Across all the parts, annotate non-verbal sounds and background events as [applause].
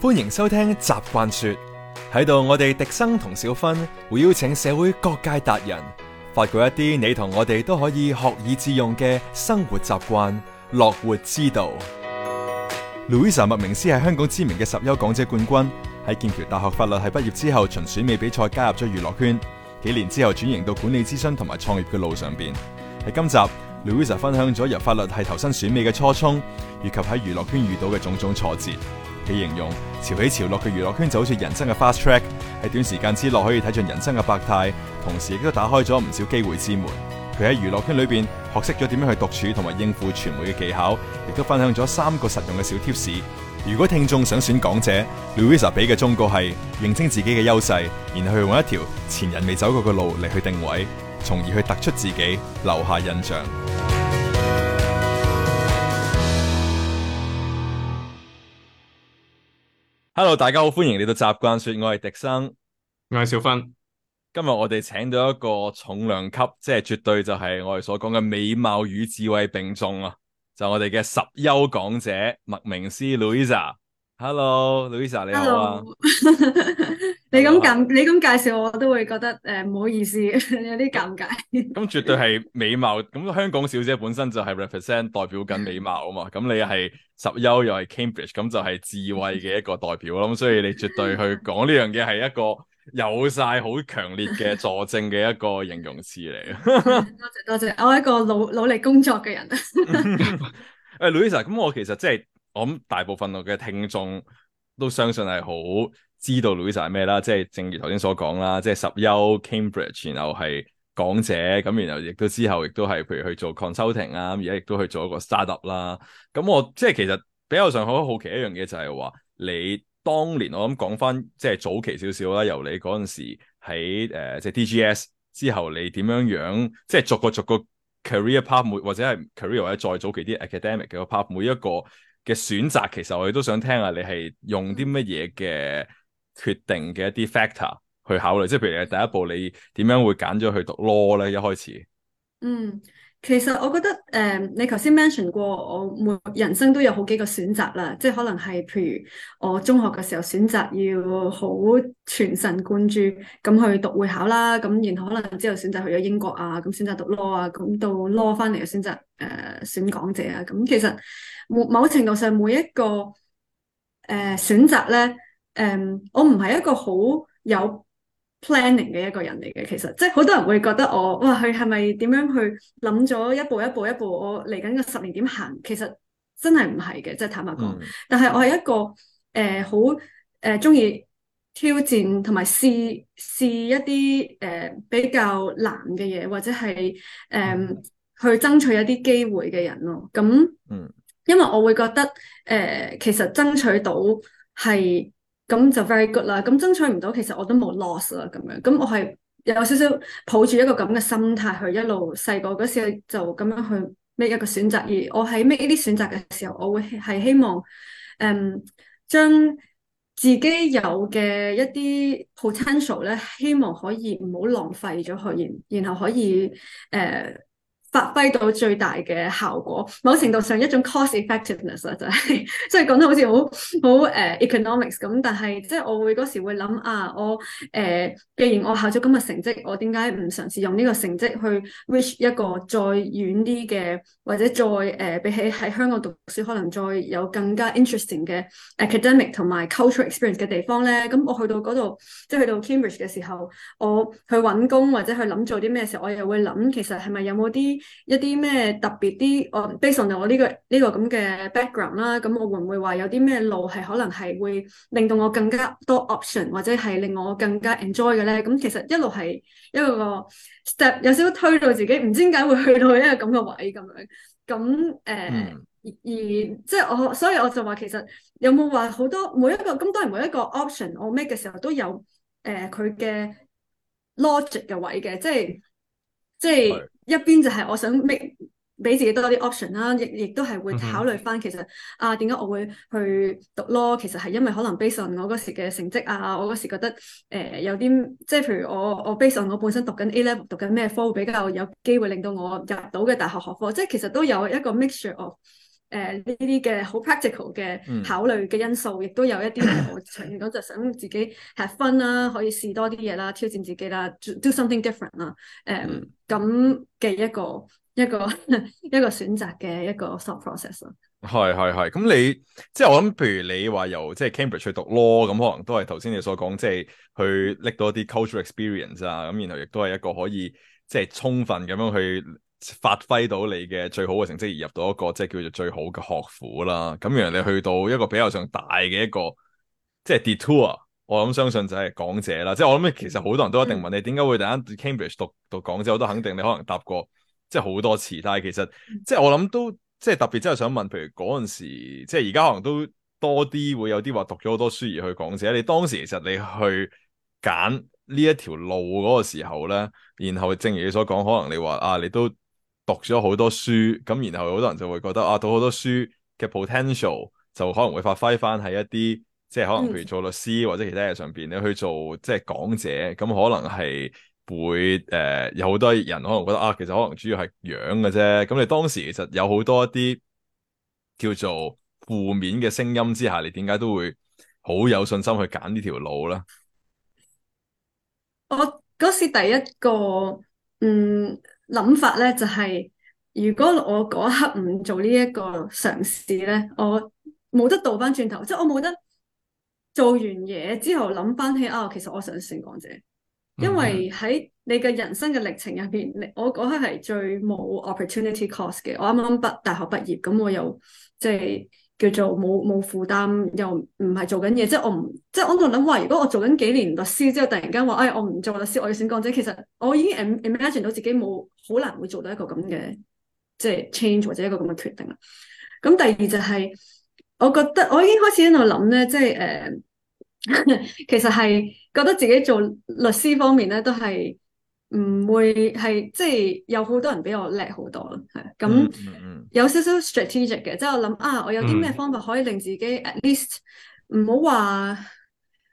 歡迎收聽習慣說，喺度我哋迪生同小芬會邀請社會各界達人，發掘一啲你同我哋都可以學以致用嘅生活習慣、樂活之道。Louisa 麥明詩係香港知名嘅十優港姐冠軍，喺劍橋大學法律系畢業之後，從選美比賽加入咗娛樂圈，幾年之後轉型到管理諮詢同埋創業嘅路上邊。喺今集，Louisa 分享咗由法律系投身選美嘅初衷，以及喺娛樂圈遇到嘅種種挫折。佢形容潮起潮落嘅娛樂圈就好似人生嘅 fast track，喺短時間之落可以睇盡人生嘅百態，同時亦都打開咗唔少機會之門。佢喺娛樂圈裏邊學識咗點樣去獨處同埋應付傳媒嘅技巧，亦都分享咗三個實用嘅小貼士。如果聽眾想選港姐，Louisa 俾嘅忠告係認清自己嘅優勢，然後去揾一條前人未走過嘅路嚟去定位，從而去突出自己，留下印象。hello，大家好，歡迎嚟到習慣說，我係廸生，我係小芬，今日我哋請到一個重量級，即係絕對就係我哋所講嘅美貌與智慧並重啊，就係、我哋嘅十優港姐，麥明詩 Louisa。Lou Hello，Louisa，Hello. 你好。 [laughs] 你咁感，你咁介紹我都會覺得誒唔好意思， [laughs] 有啲尷尬。咁 [laughs] 絕對係美貌，咁香港小姐本身就係 represent 代表緊美貌啊嘛。咁你係十優又係 Cambridge，咁就係智慧嘅一個代表啦。咁 [laughs] 所以你絕對去講呢樣嘢係一個有晒好強烈嘅佐證嘅一個形容詞嚟。 [laughs] 多謝多謝，我係一個努努力工作嘅人。誒 [laughs] [laughs] hey、，Louisa，咁我其實真係。我諗大部分我嘅聽眾都相信係好知道 Louisa 係咩啦，即係正如頭先所講啦，即係十優 Cambridge，然後係港姐咁，然後亦都之後亦都係，譬如去做 consulting 啊，而家亦都去做一個 startup 啦。咁我即係其實比較上好好奇一樣嘢就係話，你當年我諗講翻即係早期少少啦，由你嗰陣時喺誒即係 DGS 之後你，你點樣樣即係逐個逐個 career path 每或者係 career 或者再早期啲 academic 嘅個 path 每一個。嘅選擇，其實我哋都想聽下你係用啲乜嘢嘅決定嘅一啲 factor、嗯、去考慮，即係譬如你第一步你點樣會揀咗去讀 law 咧？一開始嗯。其實我覺得誒、呃，你頭先 mention 過，我每人生都有好幾個選擇啦，即係可能係譬如我中學嘅時候選擇要好全神貫注咁去讀會考啦，咁然後可能之後選擇去咗英國啊，咁選擇讀 law 啊，咁到 law 翻嚟又選擇誒、呃、選港姐啊，咁其實某程度上每一個誒、呃、選擇咧，誒、呃、我唔係一個好有 Planning 嘅一個人嚟嘅，其實即係好多人會覺得我，哇，佢係咪點樣去諗咗一步一步一步，我嚟緊個十年點行？其實真係唔係嘅，即係坦白講。但係我係一個誒好誒中意挑戰同埋試試一啲誒、呃、比較難嘅嘢，或者係誒、呃、去爭取一啲機會嘅人咯。咁，嗯，嗯，因為我會覺得誒、呃，其實爭取到係。咁就 very good 啦，咁爭取唔到，其實我都冇 loss 啦，咁樣，咁我係有少少抱住一個咁嘅心態去一路細個嗰時候就咁樣去 make 一個選擇，而我喺 make 呢啲選擇嘅時候，我會係希望，誒、嗯，將自己有嘅一啲 potential 咧，希望可以唔好浪費咗佢，然然後可以誒、呃發揮到最大嘅效果，某程度上一種 cost-effectiveness 啊、就係，就係即係講得好似好好誒 economics 咁。但係即係我會嗰時會諗啊，我誒、呃、既然我考咗今日成績，我點解唔嘗試用呢個成績去 reach 一個再遠啲嘅，或者再誒、呃、比起喺香港讀書，可能再有更加 interesting 嘅 academic 同埋 cultural experience 嘅地方咧？咁我去到嗰度，即、就、係、是、去到 Cambridge 嘅時候，我去揾工或者去諗做啲咩時候，我又會諗其實係咪有冇啲？一啲咩特別啲，我 based on 我呢個呢、呢個咁嘅 background 啦，咁我會唔會話有啲咩路係可能係會令到我更加多 option，或者係令我更加 enjoy 嘅咧？咁其實一路係一個個 step，有少少推到自己，唔知點解會去到一個咁嘅位咁樣。咁誒，呃嗯、而即係我，所以我就話其實有冇話好多每一個咁當然每一個 option 我 make 嘅時候都有誒佢、呃、嘅 logic 嘅位嘅，即係。即係一邊就係我想 make 俾自己多啲 option 啦，亦亦都係會考慮翻其實啊，點解我會去讀 law 其實係因為可能 based on 我嗰時嘅成績啊，我嗰時覺得誒、呃、有啲即係譬如我我 based on 我本身讀緊 A level 讀緊咩科比較有機會令到我入到嘅大學學科，即係其實都有一個 mixture of，誒呢啲嘅好 practical 嘅考慮嘅因素，嗯、亦都有一啲我上面就想自己 have fun 啦，可以試多啲嘢啦，挑戰自己啦，do something different 啦、呃。誒咁嘅一個一個一個選擇嘅一個 thought process 啦。係係係。咁你即係我諗，譬、就是、如你話由即係、就是、Cambridge 去讀 law，咁可能都係頭先你所講，即、就、係、是、去拎多啲 culture experience 啊。咁然後亦都係一個可以即係、就是、充分咁樣去。發揮到你嘅最好嘅成績而入到一個即係叫做最好嘅學府啦。咁原來你去到一個比較上大嘅一個即係 detour 我諗相信就係港姐啦。即係我諗，其實好多人都一定問你點解會突然間 Cambridge 讀到港姐。我都肯定你可能答過即係好多次。但係其實即係我諗都即係特別真係想問，譬如嗰陣時即係而家可能都多啲會有啲話讀咗好多書而去港姐。你當時其實你去揀呢一條路嗰個時候咧，然後正如你所講，可能你話啊，你都。讀咗好多書，咁然後好多人就會覺得啊，讀好多書嘅 potential 就可能會發揮翻喺一啲，即係可能譬如做律師或者其他嘢上邊咧去做，即係講者，咁可能係會誒、呃、有好多人可能覺得啊，其實可能主要係樣嘅啫。咁你當時其實有好多一啲叫做負面嘅聲音之下，你點解都會好有信心去揀呢條路咧？我嗰時第一個，嗯。諗法咧就係、是，如果我嗰刻唔做嘗試、呢一個嘗試咧，我冇得倒翻轉頭，即、就、係、是、我冇得做完嘢之後諗翻起啊，其實我想成講者，因為喺你嘅人生嘅歷程入邊，我嗰刻係最冇 opportunity cost 嘅。我啱啱畢大學畢業，咁我又即係。就是叫做冇冇負擔，又唔係做緊嘢，即係我唔即係我喺度諗話，如果我做緊幾年律師之後，突然間話，哎，我唔做律師，我要選港姐。其實我已經 imagine 到自己冇好難會做到一個咁嘅即係 change 或者一個咁嘅決定啦。咁第二就係、是，我覺得我已經開始喺度諗咧，即係誒，uh, [laughs] 其實係覺得自己做律師方面咧都係。唔會係即係有好多人比我叻好多咯，係咁、mm hmm. 有少少 strategic 嘅，即係我諗啊，我有啲咩方法可以令自己、mm hmm. at least 唔好話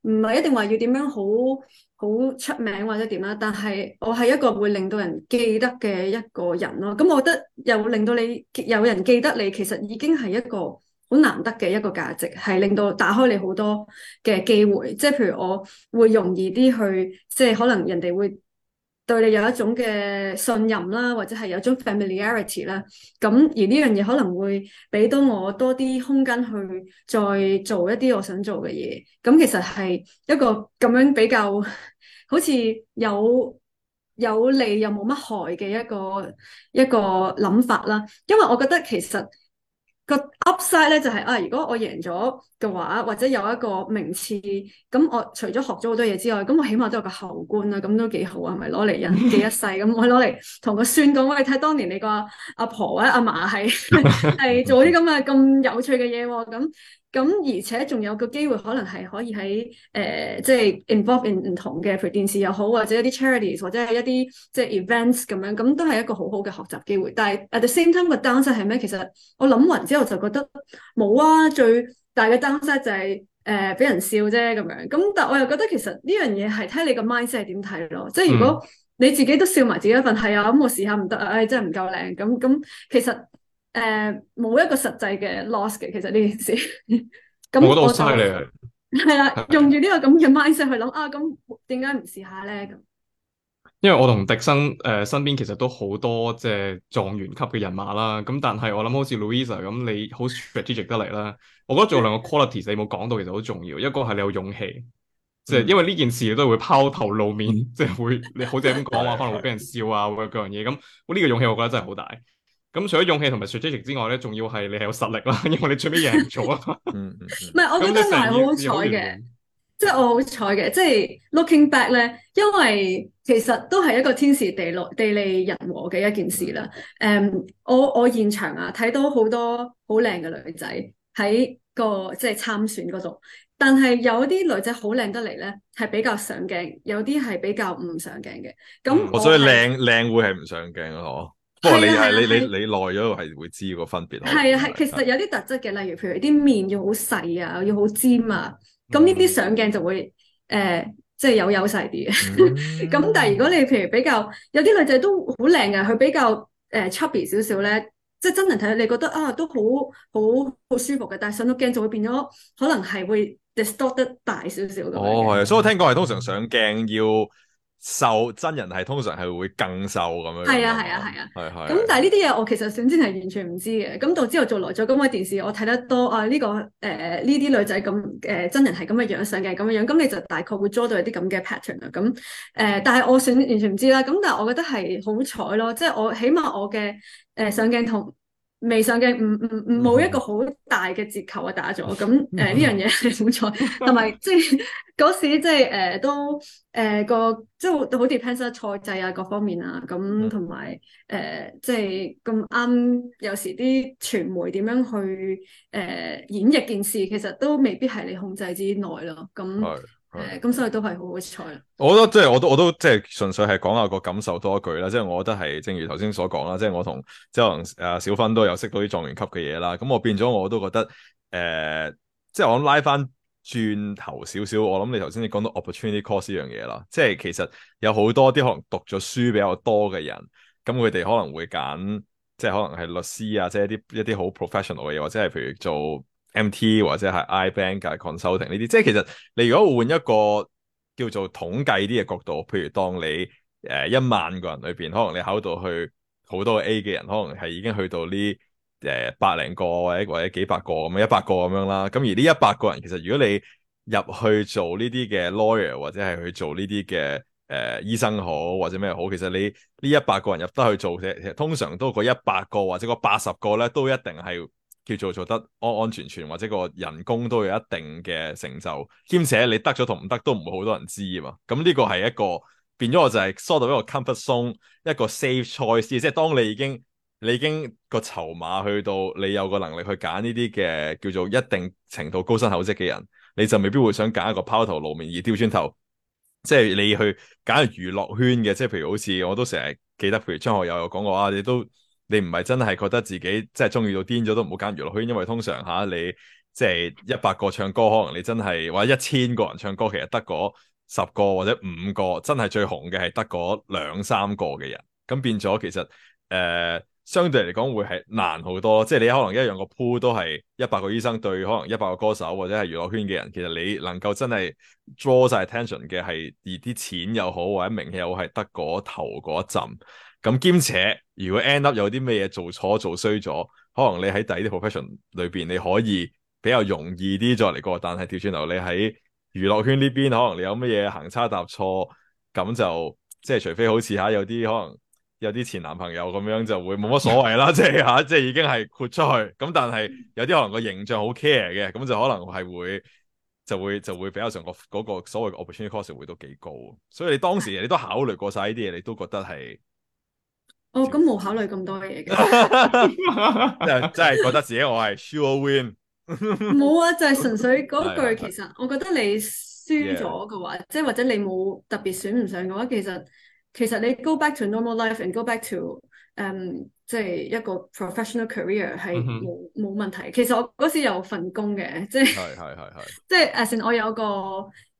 唔係一定話要點樣好好出名或者點啦，但係我係一個會令到人記得嘅一個人咯。咁我覺得又令到你有人記得你，其實已經係一個好難得嘅一個價值，係令到打開你好多嘅機會。即係譬如我會容易啲去，即係可能人哋會。對你有一種嘅信任啦，或者係有一種 familiarity 啦，咁而呢樣嘢可能會俾到我多啲空間去再做一啲我想做嘅嘢，咁其實係一個咁樣比較好似有有利又冇乜害嘅一個一個諗法啦，因為我覺得其實。個 Upside 咧就係、是、啊，如果我贏咗嘅話，或者有一個名次，咁我除咗學咗好多嘢之外，咁我起碼都有個後冠啊，咁都幾好啊，咪攞嚟人記一世咁，我攞嚟同個孫講咁，我哋睇當年你個阿婆或者阿嫲係係做啲咁嘅咁有趣嘅嘢喎，咁。咁而且仲有個機會，可能係可以喺誒，即係 involve in 唔 in 同嘅，譬如電視又好，或者一啲 charities，或者係一啲即係 events 咁樣，咁都係一個好好嘅學習機會。但係 at the same time 個 downside 係咩？其實我諗完之後就覺得冇啊，最大嘅 downside 就係誒俾人笑啫咁樣。咁但係我又覺得其實呢樣嘢係睇你個 mindset 係點睇咯。即係如果你自己都笑埋自己一份，係啊、嗯，咁、哎、我試下唔得，唉、哎，真係唔夠靚咁咁，其實。誒，冇、呃、一個實際嘅 loss 嘅，其實呢件事，咁、 [laughs] 嗯、我覺得好嘥力啊，係啦，用住呢個咁嘅 mindset 去諗啊，咁點解唔試下咧？咁，因為我同迪生誒、呃、身邊其實都好多即係狀元級嘅人馬啦，咁但係我諗好似 Louisa 咁，你好 strategic 得嚟啦。我覺得做兩個 quality [laughs] 你冇講到，其實好重要。一個係你有勇氣，即、就、係、是，因為呢件事都係會拋頭露面，即、就、係、是、會你好似咁講話，可能會俾人笑啊，或者各樣嘢咁。呢個勇氣，我覺得真係好大。咁除咗勇氣同埋説出嚟之外咧，仲要係你係有實力啦，因為你最尾贏咗啊！唔係，我覺得 [music] 我好彩嘅，即係我好彩嘅，即係 looking back 咧，因為其實都係一個天時地利地利人和嘅一件事啦。誒、嗯，um, 我我現場啊睇到好多好靚嘅女仔喺、嗰個即係、即係、參選嗰度，但係有啲女仔好靚得嚟咧，係比較上鏡；有啲係比較唔上鏡嘅。咁我、嗯、所以靚靚會係唔上鏡啊？嗬！ [music] [music] 係啊，係你你你耐咗係會知個分別。係啊，係其實有啲特質嘅，例如譬如啲面要好細啊，要好尖啊，咁呢啲上鏡就會誒，即係有優勢啲嘅。咁、就是、 [laughs] 但係如果你譬如比較有啲女仔都好靚嘅，佢比較誒 chubby 少少咧，即係真人睇你覺得啊都好好好舒服嘅，但係上到鏡就會變咗，可能係會 distort 得大少少嘅。哦，係，所以我聽講係通常上鏡要。.瘦，真人係通常係會更瘦咁樣，係啊係啊係啊，係係、啊。咁、啊啊啊、但係呢啲嘢，我其實算係完全唔知嘅。咁、啊啊、到之後做來咗咁嘅電視，我睇得多啊呢、這個誒呢啲女仔咁誒真人係咁嘅樣上鏡咁樣相鏡樣，樣，咁你就大概會捉到一啲咁嘅 pattern 啊。咁、呃、誒，但係我算完全唔知啦。咁但係我覺得係好彩咯，即、就、係、是、我起碼我嘅誒、呃、上鏡同。微信嘅，唔唔唔冇一個好大嘅折扣啊，打咗咁，誒呢樣嘢係好彩。同埋即係嗰時即係誒都誒個即係好似 depend 曬賽制啊各方面啊咁，同埋誒即係咁啱有時啲傳媒點樣去誒、呃、演繹件事，其實都未必係你控制之內咯咁。誒咁，所以都係好好彩。我覺得即係我都我都即係純粹係講下個感受多一句啦。即係我覺得係正如頭先所講啦，即係我同即係可能誒小芬都有識到啲狀元級嘅嘢啦。咁我變咗我都覺得誒，即係我諗拉翻轉頭少少，我諗你頭先你講到 opportunity course 呢樣嘢啦。即係其實有好多啲可能讀咗書比較多嘅人，咁佢哋可能會揀即係可能係律師啊，即係一啲一啲好 professional 嘅嘢，或者係譬如做 MT 或者係 I Bank 嘅 Consulting 呢啲，即係其實你如果換一個叫做統計啲嘅角度，譬如當你誒一萬個人裏邊，可能你考到去好多 A 嘅人，可能係已經去到呢誒、呃、百零個或者或者幾百個咁樣一百個咁樣啦。咁而呢一百個人其實如果你入去做呢啲嘅 lawyer 或者係去做呢啲嘅誒醫生好或者咩好，其實你呢一百個人入得去做嘅，通常都個一百個或者個八十個咧都一定係。叫做做得安安全全，或者個人工都有一定嘅成就。兼且你得咗同唔得都唔會好多人知啊嘛。咁、嗯、呢、這個係一個變咗我就係 sort 到一個 comfort zone，一個 safe c 事。即係當你已經你已經個籌碼去到，你有個能力去揀呢啲嘅叫做一定程度高薪厚職嘅人，你就未必會想揀一個拋頭露面而丟穿頭。即係你去揀娛樂圈嘅，即係譬如好似我都成日記得，譬如張學友有講過啊，你都。你唔係真係覺得自己即係中意到癲咗都唔好揀娛樂圈，因為通常吓你即係一百個唱歌，可能你真係或者一千個人唱歌，其實得嗰十個或者五個真係最紅嘅係得嗰兩三個嘅人，咁變咗其實誒、呃、相對嚟講會係難好多，即係你可能一樣個 pool 都係一百個醫生對可能一百個歌手或者係娛樂圈嘅人，其實你能夠真係 draw 晒 attention 嘅係而啲錢又好或者名氣又好係得嗰頭嗰一陣。咁兼且，如果 end up 有啲咩嘢做錯做衰咗，可能你喺第啲 profession 裏邊你可以比較容易啲再嚟過。但係調轉頭，你喺娛樂圈呢邊，可能你有乜嘢行差踏錯，咁就即係除非好似嚇有啲可能有啲前男朋友咁樣，就會冇乜所謂啦。即係嚇，即係、啊、即係已經係豁出去。咁但係有啲可能個形象好 care 嘅，咁就可能係會就會就會比較上個嗰所謂嘅 opportunity cost 會都幾高。所以你當時你都考慮過晒呢啲嘢，你都覺得係。哦，咁冇考慮咁多嘢嘅，真係覺得自己我係 sure win。冇啊，就係純粹嗰句，其實我覺得你輸咗嘅話，即係或者你冇特別選唔上嘅話，其實其實你 go back to normal life and go back to 誒，即係一個 professional career 係冇冇問題。其實我嗰時有份工嘅，即係係係係，即係 as 我有個。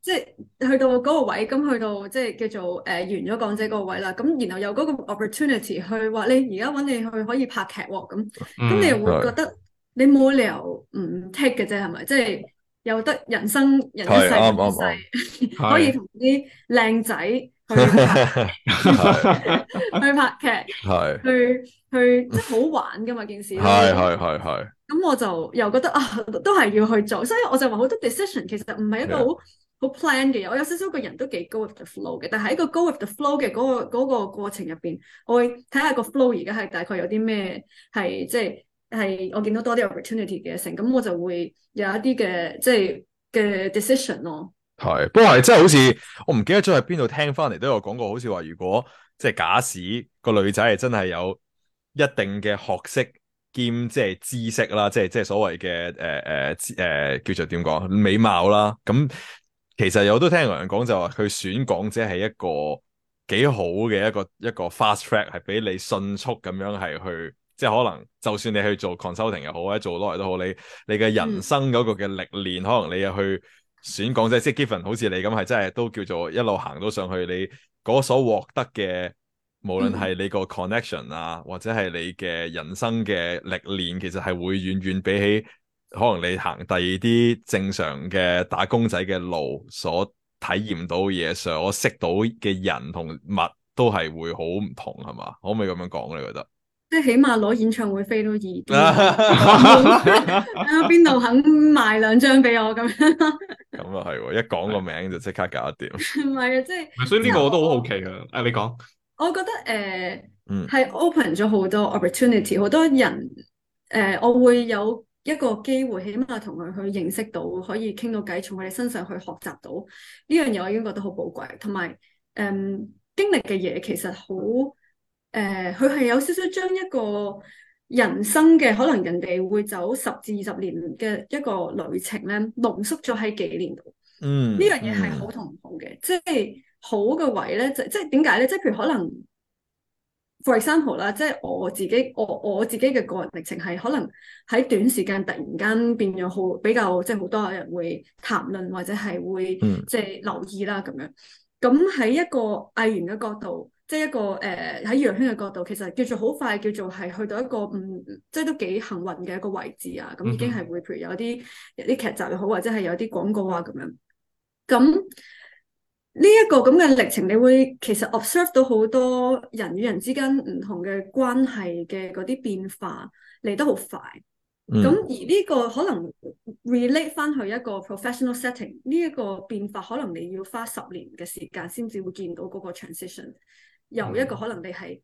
即係去到嗰個位，咁去到即係叫做誒完咗港姐嗰個位啦。咁然後又嗰個 opportunity 去話你而家揾你去可以拍劇咁，咁你又會覺得你冇理由唔 take 嘅啫，係咪？即係又得人生人一世，可以同啲靚仔去去拍劇，去去即係好玩噶嘛件事。係係係係。咁我就又覺得啊，都係要去做，所以我就話好多 decision 其實唔係一個好。好 plan 嘅，我有少少個人都幾 go with the flow 嘅，但係喺個 go with the flow 嘅嗰個嗰個過程入邊，我會睇下個 flow 而家係大概有啲咩係即係係我見到多啲 opportunity 嘅嘢。咁我就會有一啲嘅即係嘅 decision 咯。係，不過係真係好似我唔記得咗喺邊度聽翻嚟都有講過，好似話如果即係假使個女仔係真係有一定嘅學識兼即係知識啦，即係即係所謂嘅誒誒誒叫做點講美貌啦，咁。其實我都聽有人講就話，佢選港姐係一個幾好嘅一個一個，一個 fast track，係俾你迅速咁樣係去，即係可能就算你去做 consulting 又好，或者做 lawyer 都好，你你嘅人生嗰個嘅歷練，可能你去選港姐，嗯、即係 given 好似你咁係真係都叫做一路行到上去，你嗰所獲得嘅無論係你個 connection 啊，或者係你嘅人生嘅歷練，其實係會遠遠比起，可能你行第二啲正常嘅打工仔嘅路，所體驗到嘢，上，我識到嘅人同物都係會好唔同，係嘛？可唔可以咁樣講？你覺得？即係起碼攞演唱會飛都易，邊度 [laughs] [laughs] 肯賣兩張俾我咁 [laughs] 樣？咁啊係，一講個名就即刻搞掂。唔係啊，即係，所以呢個我都好好奇啊。你講，我覺得誒，係 open 咗好多 opportunity，好多人誒、呃，我會有。一個機會，起碼同佢去認識到可以傾到偈，從佢哋身上去學習到呢樣嘢，我已經覺得好寶貴。同埋，嗯，經歷嘅嘢其實好，誒、呃，佢係有少少將一個人生嘅，可能，人哋會走十至二十年嘅一個旅程咧，濃縮咗喺幾年度。嗯，呢樣嘢係好同唔好嘅，即係好嘅位咧，即係點解咧？即係譬如可能。三號》啦，即係我自己，我我自己嘅個人歷程係可能喺短時間突然間變咗好比較，即係好多人會談論或者係會即係、就是、留意啦咁樣。咁喺一個藝員嘅角度，即係一個誒喺娛樂圈嘅角度，其實叫做好快，叫做係去到一個唔、嗯、即係都幾幸運嘅一個位置啊。咁已經係會譬如有啲有啲劇集又好，或者係有啲廣告啊咁樣。咁呢一個咁嘅歷程，你會其實 observe 到好多人與人之間唔同嘅關係嘅嗰啲變化嚟得好快。咁、嗯、而呢個可能 relate 翻去一個 professional setting，呢一個變化可能你要花十年嘅時間先至會見到嗰個 transition。由一個可能你係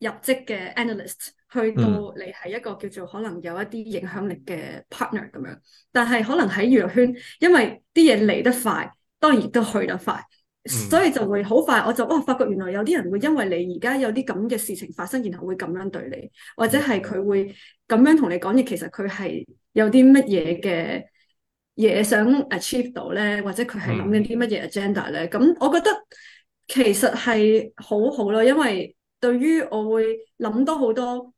入職嘅 analyst，去到你係一個叫做可能有一啲影響力嘅 partner 咁樣。但係可能喺娛樂圈，因為啲嘢嚟得快，當然亦都去得快。所以就會好快，我就哇、哦、發覺原來有啲人會因為你而家有啲咁嘅事情發生，然後會咁樣對你，或者係佢會咁樣同你講嘢，其實佢係有啲乜嘢嘅嘢想 achieve 到咧，或者佢係諗緊啲乜嘢 agenda 咧。咁、嗯、我覺得其實係好好咯，因為對於我會諗多好多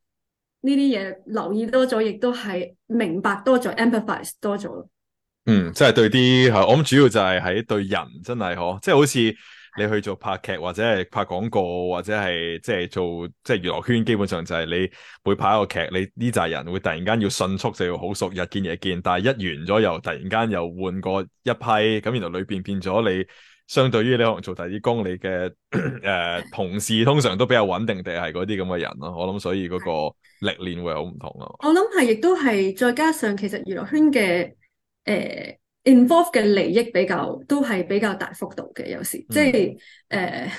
呢啲嘢，留意多咗，亦都係明白多咗，empathize 多咗。嗯，即係對啲吓，我諗主要就係喺對人，真係嗬，即係好似你去做拍劇或者係拍廣告或者係即係做即係娛樂圈，基本上就係你每拍一個劇，你呢扎人會突然間要迅速就要好熟，日見夜見，但係一完咗又突然間又換過一批，咁然後裏邊變咗你相對於你可能做第啲工你嘅誒 [coughs] 同事，通常都比較穩定地係嗰啲咁嘅人咯。我諗所以嗰個歷練會好唔同咯。我諗係亦都係再加上其實娛樂圈嘅。誒、uh，involve 嘅利益比較都係比較大幅度嘅，有時即係誒，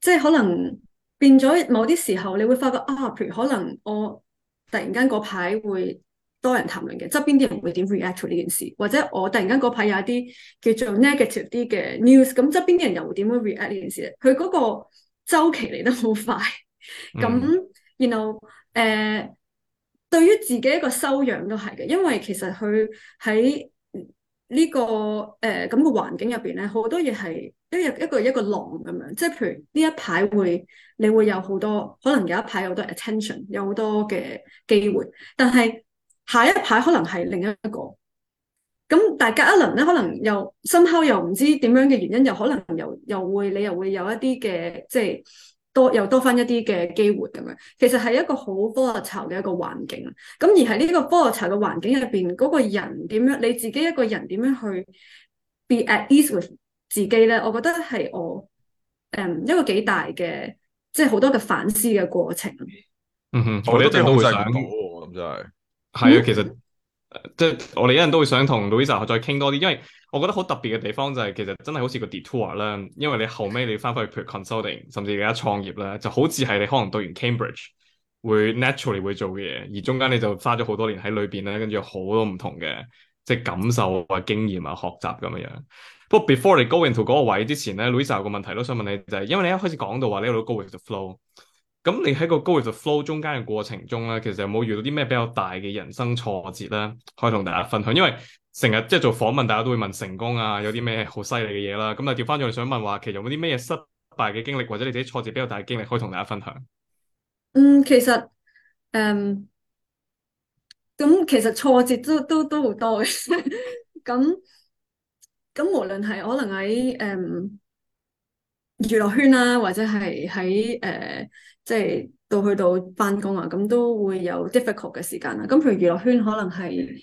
即係、uh, 可能變咗。某啲時候你會發覺啊，譬如，可能我突然間嗰排會多人談論嘅，側邊啲人會點 react 呢件事？或者我突然間嗰排有一啲叫做 negative 啲嘅 news，咁側邊啲人又會點樣 react 呢件事咧？佢嗰個周期嚟得好快，咁 you know 誒。Huh. [laughs] 對於自己一個修養都係嘅，因為其實佢喺呢個誒咁嘅環境入邊咧，好多嘢係一日一個一個浪咁樣，即係譬如呢一排會你會有好多，可能有一排有好多 attention，有好多嘅機會，但係下一排可能係另一個，咁但係隔一輪咧，可能又深刻又唔知點樣嘅原因，又可能又又會你又會有一啲嘅即係。多又多翻一啲嘅機會咁樣，其實係一個好 volatile 嘅一個環境，咁而係呢個 volatile 嘅環境入邊，嗰、嗰個人點樣？你自己一個人點樣去 be at ease with 自己咧？我覺得係我誒、嗯、一個幾大嘅，即係好多嘅反思嘅過程。嗯哼，我哋一定都會想，咁真係係啊，其實。 [noise] [noise] [noise] [noise] 即係我哋一人都會想同 Louisa 再傾多啲，因為我覺得好特別嘅地方就係、是、其實真係好似個 detour 啦，因為你後尾你翻返去 consulting，甚至而家創業咧，就好似係你可能讀完 Cambridge 會 naturally 會做嘅嘢，而中間你就花咗好多年喺裏邊咧，跟住好多唔同嘅即係感受啊、經驗啊、學習咁樣樣。不過 before 你 go into 嗰個位之前咧，Louisa 有個問題都想問你就係、是，因為你一開始講到話你 go with the flow。咁你喺個高位 flow 中間嘅過程中咧，其實有冇遇到啲咩比較大嘅人生挫折咧？可以同大家分享，因為成日即係做訪問，大家都會問成功啊，有啲咩好犀利嘅嘢啦。咁啊，調翻轉想問話，其實有冇啲咩失敗嘅經歷，或者你自己挫折比較大嘅經歷，可以同大家分享？嗯，其實，誒、嗯，咁其實挫折都都都好多嘅。咁 [laughs] 咁無論係可能喺誒娛樂圈啦、啊，或者係喺誒。呃即係到去到翻工啊，咁都會有 difficult 嘅時間啦、啊。咁譬如娛樂圈可能係誒、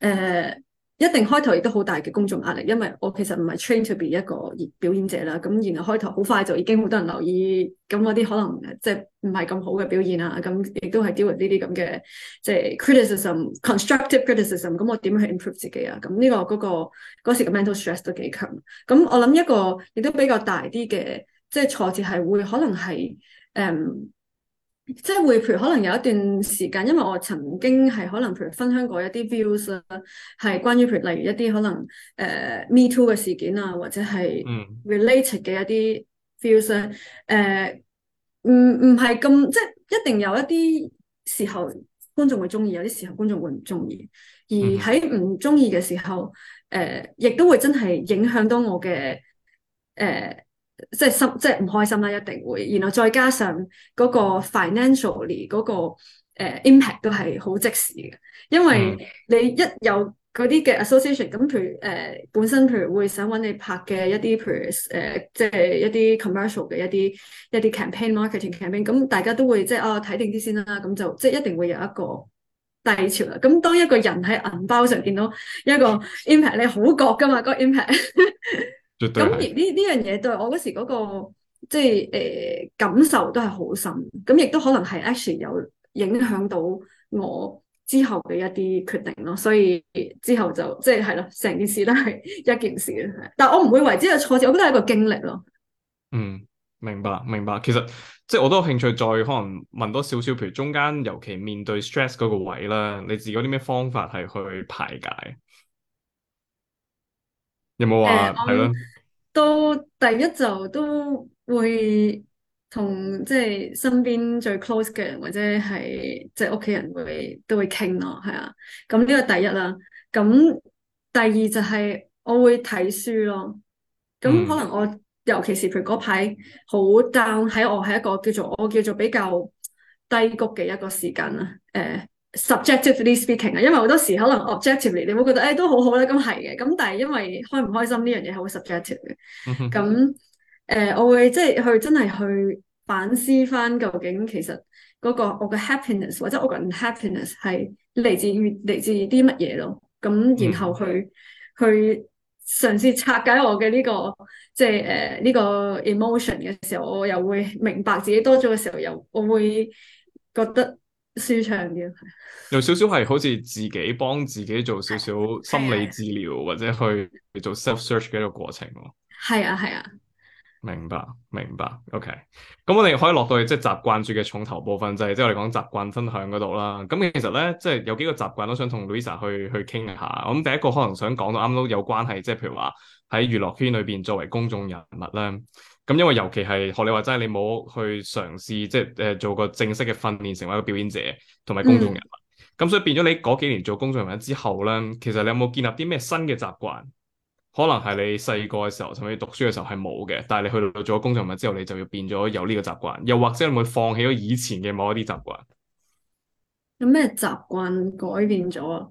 呃、一定開頭亦都好大嘅公眾壓力，因為我其實唔係 train to be 一個表演者啦。咁然後開頭好快就已經好多人留意，咁嗰啲可能即係唔係咁好嘅表演啊。咁亦都係 deal with 呢啲咁嘅即係 criticism、constructive criticism。咁我點樣去 improve 自己啊？咁呢、這個嗰、那個嗰時嘅 mental stress 都幾強。咁我諗一個亦都比較大啲嘅即係挫折係會可能係，誒，um, 即係會，譬如可能有一段時間，因為我曾經係可能譬如分享過一啲 views 啦、啊，係關於譬如例如一啲可能誒、呃、Me Too 嘅事件啊，或者係 related 嘅一啲 views 咧、啊，誒、呃，唔唔係咁，即係一定有一啲時候觀眾會中意，有啲時候觀眾會唔中意，而喺唔中意嘅時候，誒、呃，亦都會真係影響到我嘅誒。呃即係心，即係唔開心啦，一定會。然後再加上嗰、那個 financially 嗰、那個誒、呃、impact 都係好即時嘅，因為你一有嗰啲嘅 association，咁譬如誒、呃、本身譬如會想揾你拍嘅一啲譬如誒、呃、即係一啲 commercial 嘅一啲一啲 campaign marketing campaign，咁大家都會即係啊睇定啲先啦，咁就即係一定會有一個低潮啦。咁當一個人喺銀包上見到一個 impact 你好覺噶嘛嗰、那個 impact。 [laughs] 咁而呢呢樣嘢對我嗰時嗰個即係誒，感受都係好深，咁亦都可能係 actually 有影響到我之後嘅一啲決定咯。所以之後就即係係咯，成件事都係一件事但係我唔會為之個挫折，我覺得係一個經歷咯。嗯，明白明白。其實即係我都有興趣再可能問多少少，譬如中間尤其面對 stress 嗰個位啦，你自己有啲咩方法係去排解？有冇話係咯？嗯了到第一就都會同即係身邊最 close 嘅人或者係即係屋企人會都會傾咯，係啊。咁呢個第一啦。咁第二就係我會睇書咯。咁可能我尤其是譬如嗰排好 down 喺我係一個叫做我叫做比較低谷嘅一個時間啦。誒、嗯。Subjectively speaking 啊，因為好多時可能 objectively 你會覺得誒、哎、都好好啦，咁係嘅，咁但係因為開唔開心呢樣嘢係好 subjective 嘅，咁誒、 [laughs] 呃、我會即係去真係去反思返究竟其實嗰、那個我嘅 happiness 或者我個人 happiness 係嚟自嚟自啲乜嘢咯，咁然後去 [laughs] 去嘗試拆解我嘅呢、這個即係誒呢個 emotion 嘅時候，我又會明白自己多咗嘅時候，又我會覺得。舒暢啲，有少少係好似自己幫自己做少少心理治療，係。或者去做 self search 嘅一個過程咯。係啊，係啊。明白，明白。OK，咁我哋可以落到去即係習慣住嘅重頭部分，就係即係我哋講習慣分享嗰度啦。咁其實咧，即係有幾個習慣都想同 Lisa 去去傾一下。咁第一個可能想講到啱都有關係，即係譬如話喺娛樂圈裏邊作為公眾人物咧。咁因為尤其係學你話齋，你冇去嘗試，即係誒做過正式嘅訓練，成為一個表演者同埋公眾人物。咁、嗯、所以變咗你嗰幾年做公眾人物之後咧，其實你有冇建立啲咩新嘅習慣？可能係你細個嘅時候甚至讀書嘅時候係冇嘅，但係你去到做咗公眾人物之後，你就要變咗有呢個習慣，又或者你會放棄咗以前嘅某一啲習慣。有咩習慣改變咗啊？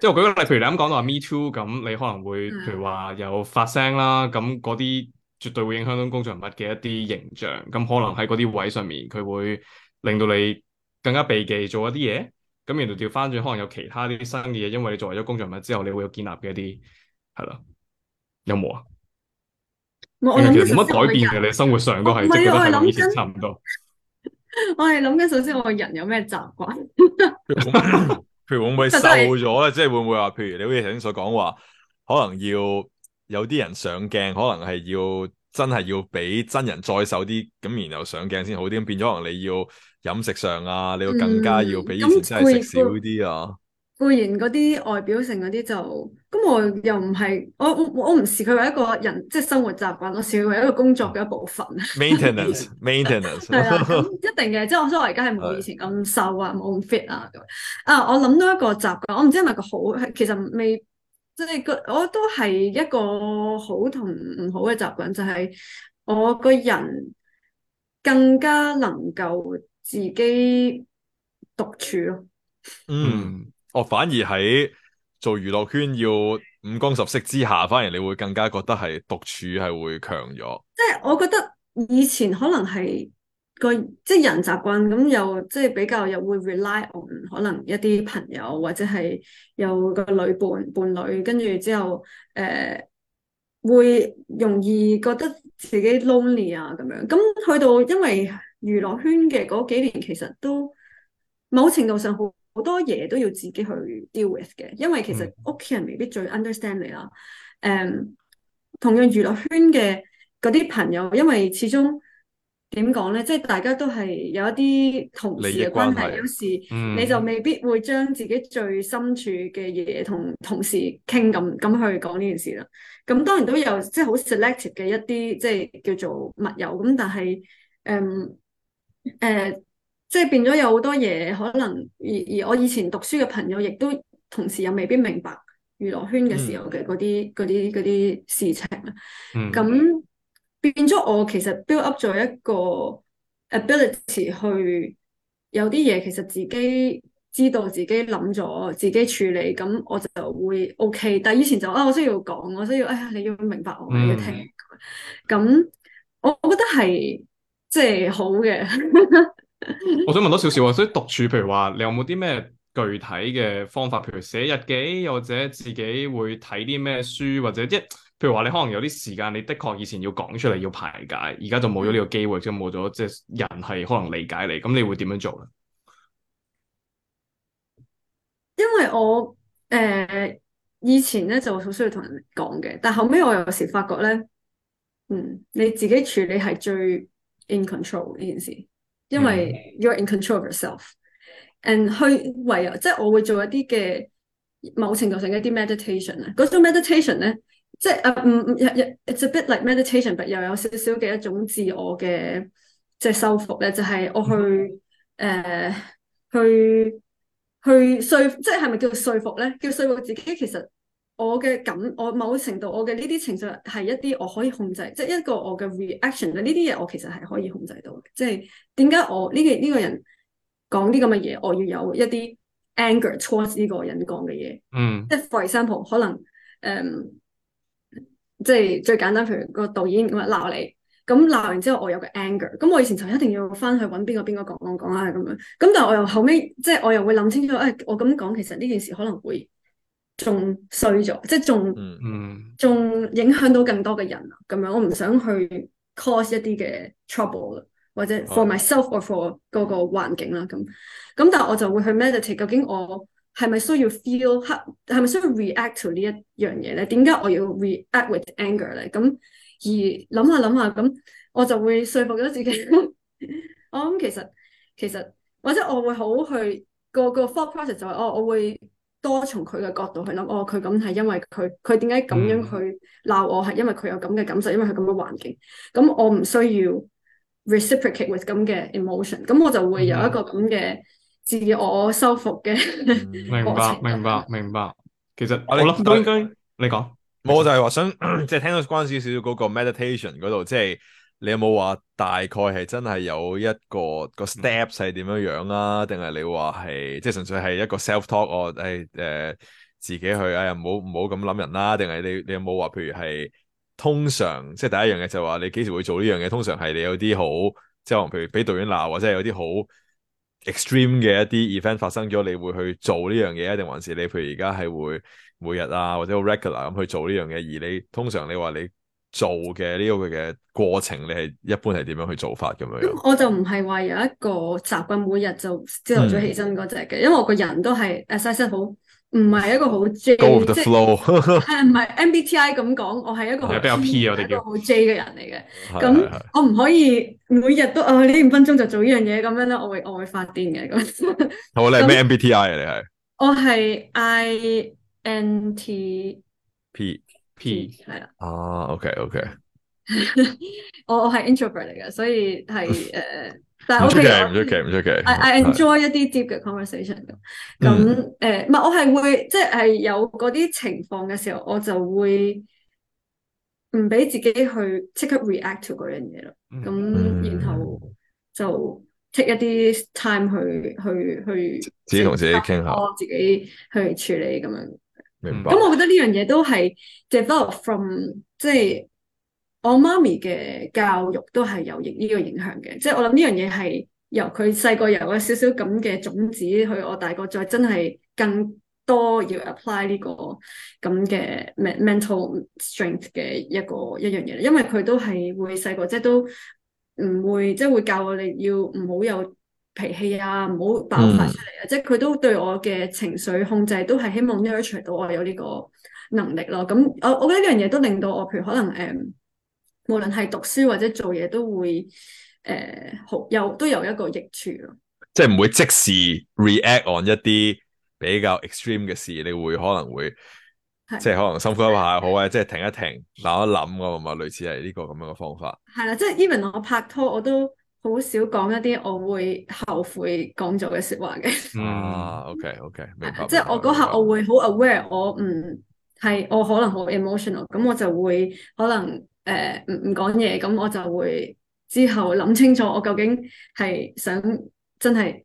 即係我舉例，譬如你啱講到話 me too，咁你可能會譬、嗯、如話有發聲啦，咁嗰啲。絕對會影響到公眾人物嘅一啲形象，咁可能喺嗰啲位上面，佢會令到你更加避忌做一啲嘢，咁然後調翻轉，可能有其他啲新嘅嘢，因為你作為咗公眾人物之後，你會有建立嘅一啲係啦，有冇啊？其實冇乜改變嘅，你生活上都係唔係啊？我諗真，差唔多。我係諗緊，首先我個人有咩習慣？譬 [laughs] 如我唔可瘦咗咧、 [laughs] 就是？即係會唔會話？譬如你好似頭先所講話，可能要。有啲人上鏡可能係要真係要俾真人再瘦啲，咁然後上鏡先好啲，咁變咗可能你要飲食上啊，你要更加要比以前真係食少啲啊。固、嗯、然嗰啲外表性嗰啲就，咁我又唔係，我我我唔視佢為一個人，即係生活習慣，我視佢為一個工作嘅一部分。Maintenance，maintenance，係啊，一定嘅，即係我所以我而家係冇以前咁瘦啊，冇咁的 fit 啊。啊，我諗到一個習慣，我唔知係咪個好，其實未。即係個，我都係一個好同唔好嘅習慣，就係我個人更加能夠自己獨處咯。嗯，我反而喺做娛樂圈要五光十色之下，反而你會更加覺得係獨處係會強咗。即係我覺得以前可能係。個即係人習慣咁，又即係比較又會 rely on 可能一啲朋友或者係有個女伴、伴侶，跟住之後誒、呃、會容易覺得自己 lonely 啊咁樣。咁去到因為娛樂圈嘅嗰幾年，其實都某程度上好好多嘢都要自己去 deal with 嘅，因為其實屋企人未必最 understand 你啦。誒、嗯，同樣娛樂圈嘅嗰啲朋友，因為始終。點講咧即係大家都係有一啲同事嘅關係，關係有時你就未必會將自己最深處嘅嘢同、嗯、同事傾咁咁去講呢件事啦。咁當然都有即係好 selective 嘅一啲，即係叫做密友。咁但係，嗯誒、呃，即係變咗有好多嘢可能而而我以前讀書嘅朋友，亦都同時又未必明白娛樂圈嘅時候嘅嗰啲啲啲事情啦。咁、嗯。嗯嗯變咗我其實 build up 咗一個 ability 去有啲嘢其實自己知道自己諗咗自己處理咁我就會 OK，但係以前就啊我需要講我需要哎呀你要明白我,我要聽，咁我、嗯、我覺得係即係好嘅。 [laughs] 我想問多少少啊，所以獨處，譬如話你有冇啲咩具體嘅方法，譬如寫日記，又或者自己會睇啲咩書，或者一。譬如話你可能有啲時間，你的確以前要講出嚟，要排解，而家就冇咗呢個機會，即冇咗即係人係可能理解你，咁你會點樣做咧？因為我誒、呃、以前咧就好需要同人講嘅，但後尾我有時發覺咧，嗯，你自己處理係最 in control 呢件事，因為 you're in control of yourself，and、嗯、去為、呃、即係我會做一啲嘅某程度上嘅一啲 meditation 啊，嗰種 meditation 咧。即係誒嗯嗯，日、um, 日 it's a bit like meditation，但又有少少嘅一種自我嘅即係修復咧。就係、是、我去誒、uh, 去去説，即係係咪叫做説服咧？叫説服自己。其實我嘅感，我某程度我嘅呢啲情緒係一啲我可以控制，即係一個我嘅 reaction 啊。呢啲嘢我其實係可以控制到嘅。即係點解我呢個呢個人講啲咁嘅嘢，我要有一啲 anger towards 呢個人講嘅嘢？嗯，mm. 即係 for example 可能誒。Um, 即係最簡單，譬如個導演咁樣鬧你，咁鬧完之後我有個 anger，咁我以前就一定要翻去搵邊個邊個講講下。咁樣，咁但係我又後尾，即係我又會諗清楚，誒、哎、我咁講其實呢件事可能會仲衰咗，即係仲仲影響到更多嘅人咁樣，我唔想去 cause 一啲嘅 trouble 或者 for myself or for 嗰個環境啦咁，咁、oh. 但係我就會去 meditate 究竟我。係咪需要 feel？係咪需要 react to 呢一樣嘢咧？點解我要 react with anger 咧？咁而諗下諗下，咁我就會說服咗自己。 [laughs] 我諗其實其實或者我會好去個個 thought process 就係、是、哦，我會多從佢嘅角度去諗。哦，佢咁係因為佢，佢點解咁樣去鬧我係、嗯、因為佢有咁嘅感受，因為佢咁嘅環境。咁我唔需要 reciprocate with 咁嘅 emotion。咁我就會有一個咁嘅。嗯自我修復嘅，明白明白明白。其實你我諗的都應該你，你講，我就係、是、話想即係、 [coughs] 就是、聽到關事少少嗰個 meditation 嗰度，即、就、係、是、你有冇話大概係真係有一個個 steps 係點樣樣啊？定係你話係即係純粹係一個 self talk，我誒誒自己去、啊，哎呀唔好唔好咁諗人啦、啊。定係你你有冇話譬如係通常即係、就是、第一樣嘢就話你幾時會做呢樣嘢？通常係你有啲好即係、就是、譬如俾導演鬧，或者有啲好。extreme 嘅一啲 event 發生咗，你會去做呢樣嘢，定還是你譬如而家係會每日啊，或者 regular 咁去做呢樣嘢？而你通常你話你做嘅呢個嘅過程，你係一般係點樣去做法咁樣？咁我就唔係話有一個習慣每日就朝頭早起身嗰隻嘅，的因為我個人都係 exercise 好。唔係一個好 J，Go with the flow，係唔係 MBTI 咁講，我係一個比較 P， [laughs] 一個好 J 嘅人嚟嘅。咁我唔可以每日都哦呢五分鐘就做呢樣嘢咁樣咧，我會我會發癲嘅。咁 [laughs] 好，你係咩 MBTI 啊？你係，我係 INTP，P 係啦。啊，OK OK， [laughs] 我我係 introvert 嚟嘅，所以係誒。Uh, [laughs] 但唔出奇，唔出奇，唔出奇。I I enjoy 一啲 deep 嘅 conversation。咁誒，唔係我係會即係有嗰啲情況嘅時候，我就會唔俾自己去即刻 react 到嗰樣嘢咯。咁、嗯、然後就 take 一啲 time 去、嗯、去去自己同自己傾下，我自己去處理咁樣。明白。咁我覺得呢樣嘢都係 develop from 即係。我媽咪嘅教育都係有呢個影響嘅，即係我諗呢樣嘢係由佢細個有咗少少咁嘅種子，去我大個再真係更多要 apply 呢個咁嘅 mental strength 嘅一個一樣嘢。因為佢都係會細個即係都唔會即係會教我哋要唔好有脾氣啊，唔好爆發出嚟啊。嗯、即係佢都對我嘅情緒控制都係希望 nurture 到我有呢個能力咯。咁我我覺得呢樣嘢都令到我，譬如可能誒。嗯無論係讀書或者做嘢，都會誒好、呃、有都有一個益處咯。即係唔會即時 react on 一啲比較 extreme 嘅事，你會可能會是即係可能辛苦一下，的好啊，即係停一停，諗一諗咁啊，類似係呢個咁樣嘅方法。係啦，即係 even 我拍拖，我都好少講一啲我會後悔講咗嘅說話嘅。啊，OK OK，明白。即係我嗰刻我會好 aware，我唔係、嗯、我可能好 emotional，咁我就會可能。誒唔唔講嘢，咁、呃、我就會之後諗清楚，我究竟係想真係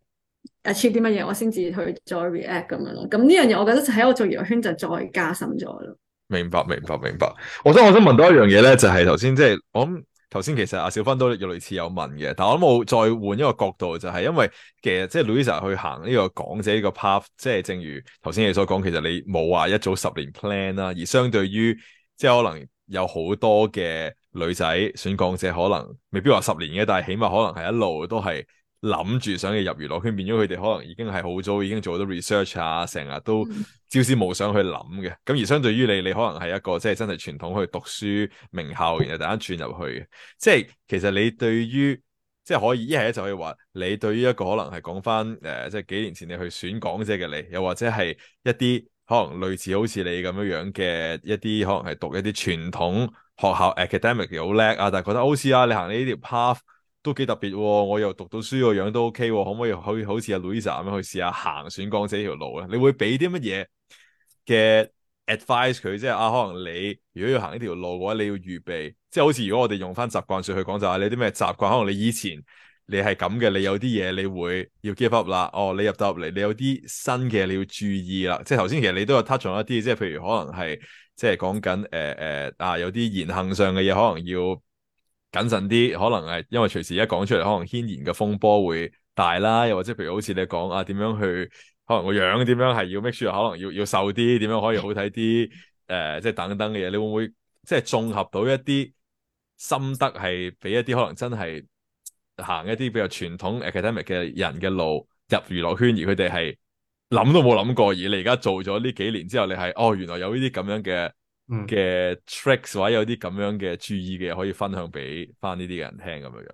achieve 啲乜嘢，我先至去再 react 咁樣咯。咁呢樣嘢，我覺得就喺我做娛樂圈就再加深咗咯。明白，明白，明白。我想，我想問多一樣嘢咧，就係頭先即係我頭先其實阿小芬都類似有問嘅，但係我冇再換一個角度，就係、是、因為其實即係、就是、Louisa 去行呢個港姐呢個 path，即係正如頭先你所講，其實你冇話一早十年 plan 啦，而相對於即係、就是、可能。有好多嘅女仔選港姐可能未必話十年嘅，但係起碼可能係一路都係諗住想要入娛樂圈，變咗佢哋可能已經係好早已經做咗 research 啊，成日都朝思暮想去諗嘅。咁而相對於你，你可能係一個即係真係傳統去讀書名校，然後突然間轉入去，嘅。即係其實你對於即係可以一係咧就係話你對於一個可能係講翻誒即係幾年前你去選港姐嘅你，又或者係一啲。可能類似好似你咁樣樣嘅一啲，可能係讀一啲傳統學校 academic 好叻啊，但係覺得好似啊，你行呢條 path 都幾特別喎，我又讀到書個樣都 OK，可唔可以可以好似阿 Louisa 咁樣去試下行選港姐條路咧？你會俾啲乜嘢嘅 advice 佢？即係啊，可能你如果要行呢條路嘅話，你要預備，即係好似如果我哋用翻習慣上去講就係你啲咩習慣，可能你以前。你係咁嘅，你有啲嘢你會要 give up 啦。哦，你入到入嚟，你有啲新嘅你要注意啦。即係頭先其實你都有 touch on 一啲，即係譬如可能係即係講緊誒誒、呃呃、啊，有啲言行上嘅嘢可能要謹慎啲，可能係因為隨時一講出嚟，可能牽延嘅風波會大啦。又或者譬如好似你講啊，點樣去可能個樣點樣係要 make sure，可能要要瘦啲，點樣可以好睇啲誒，即係等等嘅嘢，你會唔會即係綜合到一啲心得係俾一啲可能真係行一啲比較傳統誒 ac academic 嘅人嘅路入娛樂圈，而佢哋係諗都冇諗過。而你而家做咗呢幾年之後，你係哦，原來有呢啲咁樣嘅嘅 tricks，或者有啲咁樣嘅注意嘅可以分享俾翻呢啲人聽咁樣樣。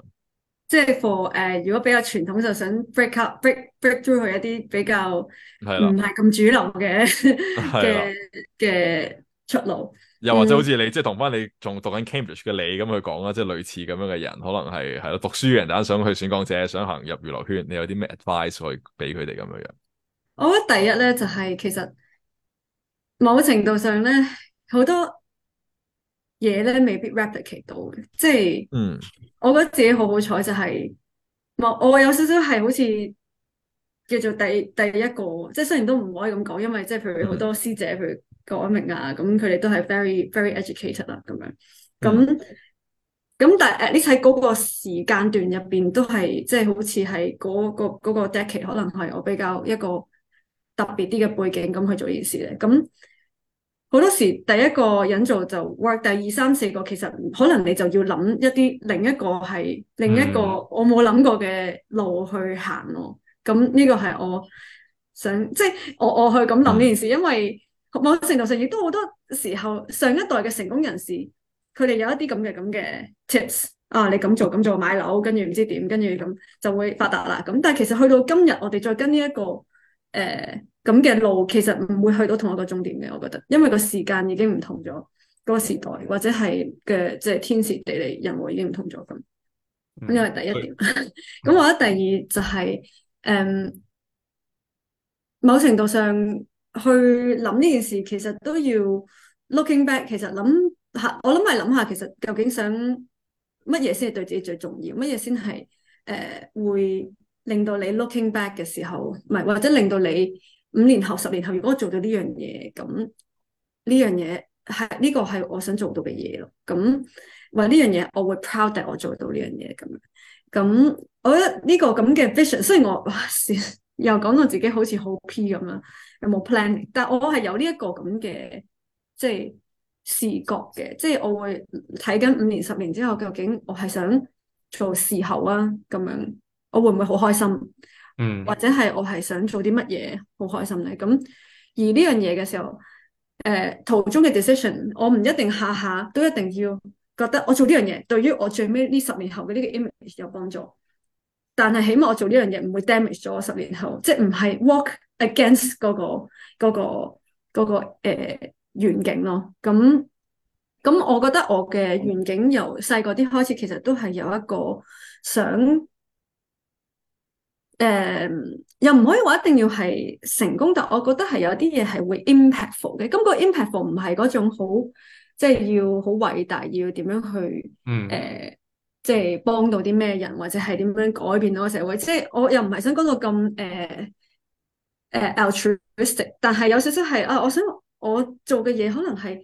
即係 for 誒，如果比較傳統，就想 break up、break break through 去一啲比較唔係咁主流嘅嘅嘅出路。又或者好似你，嗯、即係同翻你仲讀緊 Cambridge 嘅你咁去講啦，即係類似咁樣嘅人，可能係係咯，讀書嘅人大家想去選港姐，想行入娛樂圈，你有啲咩 advice 去俾佢哋咁樣樣？我覺得第一咧就係、是，其實某程度上咧好多嘢咧未必 replicate 到嘅，即係，嗯，我覺得自己好好彩就係、是，我我有少少係好似叫做第第一個，即係雖然都唔可以咁講，因為即係譬如好多師姐佢。嗯講明啊，咁佢哋都係 very very educated 啊，咁樣咁咁，但係誒，你睇嗰個時間段入邊都係即係好似係嗰個嗰個 decade 可能係我比較一個特別啲嘅背景咁去做呢件事咧。咁好多時第一個人做就 work，第二三四個其實可能你就要諗一啲另一個係另一個我冇諗過嘅路去行咯、啊。咁呢個係我想即係我我去咁諗呢件事，嗯、因為。某程度上，亦都好多時候，上一代嘅成功人士，佢哋有一啲咁嘅咁嘅 tips 啊，你咁做咁做買樓，跟住唔知點，跟住咁就會發達啦。咁但係其實去到今日，我哋再跟呢、這、一個誒咁嘅路，其實唔會去到同一個終點嘅。我覺得，因為個時間已經唔同咗，個時代或者係嘅即係天時地利人和已經唔同咗咁。咁又係第一點。咁我咧第二就係、是、誒、嗯，某程度上。去諗呢件事，其實都要 looking back。其實諗吓，我諗係諗下，其實究竟想乜嘢，先係對自己最重要？乜嘢先係誒會令到你 looking back 嘅時候，唔係或者令到你五年後、十年後，如果我做到呢樣嘢，咁呢樣嘢係呢個係我想做到嘅嘢咯。咁話呢樣嘢，我會 proud that 我做到呢樣嘢咁。咁我覺得呢個咁嘅 vision，雖然我哇先。 [laughs] 又講到自己好似好 P 咁樣，有冇 planning？但我係有呢一個咁嘅即係視覺嘅，即係我會睇緊五年、十年之後，究竟我係想做事後啊咁樣，我會唔會好開心？嗯，或者係我係想做啲乜嘢好開心咧？咁而呢樣嘢嘅時候，誒、呃、途中嘅 decision，我唔一定下下都一定要覺得我做呢樣嘢對於我最尾呢十年後嘅呢個 image 有幫助。但係，起碼我做呢樣嘢唔會 damage 咗我十年後，即係唔係 walk against 嗰個、嗰個、嗰個、誒願景咯。咁咁，我覺得我嘅願景由細個啲開始，其實都係有一個想誒、呃，又唔可以話一定要係成功，但我覺得係有啲嘢係會 impactful 嘅。咁個 impactful 唔係嗰種好，即係要好偉大，要點樣去誒、呃嗯即係幫到啲咩人，或者係點樣改變到個社會？即係我又唔係想講到咁誒誒 altruistic，但係有少少係啊！我想我做嘅嘢，可能係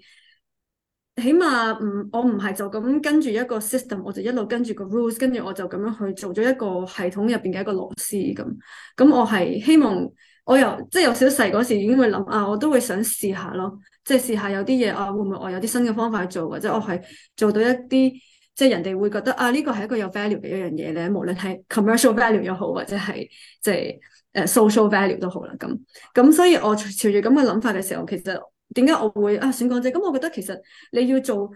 起碼唔我唔係就咁跟住一個 system，我就一路跟住個 rules，跟住我就咁樣去做咗一個系統入邊嘅一個螺絲咁。咁我係希望我又即係有少少細嗰時已經會諗啊，我都會想試下咯，即係試下有啲嘢啊會唔會我有啲新嘅方法去做，或者我係做到一啲。即係人哋會覺得啊，呢個係一個有 value 嘅一樣嘢咧，無論係 commercial value 又好，或者係即係誒 social value 都好啦。咁咁，所以我隨住咁嘅諗法嘅時候，其實點解我會啊選港姐？咁我覺得其實你要做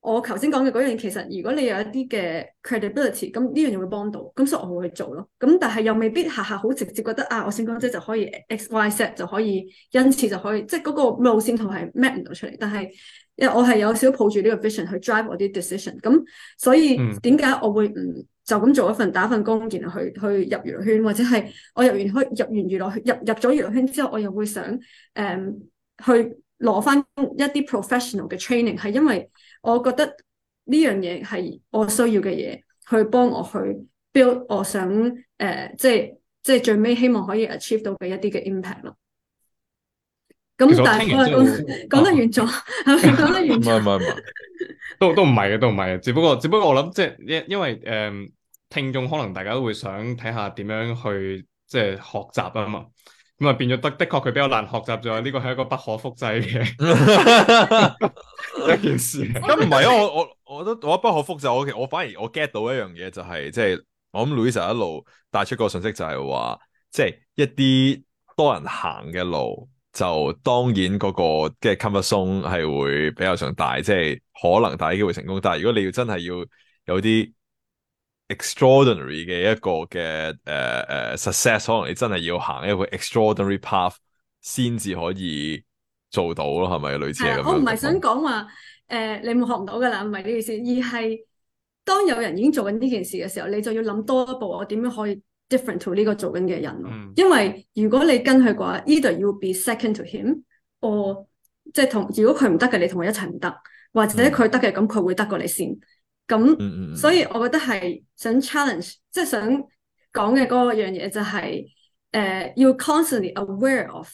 我頭先講嘅嗰樣，其實如果你有一啲嘅 credibility，咁呢樣嘢會幫到。咁所以我會去做咯。咁但係又未必下下好直接覺得啊，我選港姐就可以 X Y Z 就可以，因此就可以即係嗰個路線圖係 match 唔到出嚟。但係。因為我係有少抱住呢個 vision 去 drive 我啲 decision，咁所以點解、嗯、我會唔就咁做一份打份工，然後去去入娛樂圈，或者係我入完去入完娛樂圈，入入咗娛樂圈之後，我又會想誒、嗯、去攞翻一啲 professional 嘅 training，係因為我覺得呢樣嘢係我需要嘅嘢，去幫我去 build 我想誒、呃、即係即係最尾希望可以 achieve 到嘅一啲嘅 impact 咯。咁但係講得完咗，係講、啊、 [laughs] [laughs] 得完？唔係唔係，都都唔係嘅，都唔係嘅。只不過只不過我諗，即係因因為誒、嗯，聽眾可能大家都會想睇下點樣去即係學習啊嘛。咁啊變咗，的的確佢比較難學習咗。呢個係一個不可複製嘅一件事。咁唔係啊？我我我都我不可複製。我我反而我 get 到一樣嘢、就是，就係即係我諗 Louisa 一路帶出個信息，就係話，即係一啲多人行嘅路。就當然嗰個嘅 comfort zone 係會比較上大，即係可能大啲機會成功。但係如果你要真係要有啲 extraordinary 嘅一個嘅誒誒 success，可能你真係要行一個 extraordinary path 先至可以做到咯，係咪類似係咁？我唔係想講話誒你冇學唔到噶啦，唔係呢件事，而係當有人已經做緊呢件事嘅時候，你就要諗多一步，我點樣可以 different to 呢個做緊嘅人囉，hmm. 因為如果你跟佢嘅話，either you be second to him，or 即係同如果佢唔得嘅，你同佢一齊唔得，或者佢得嘅，咁佢會得過你先。咁、mm hmm. 所以我覺得係想 challenge，即係想講嘅嗰樣嘢就係誒要 constantly aware of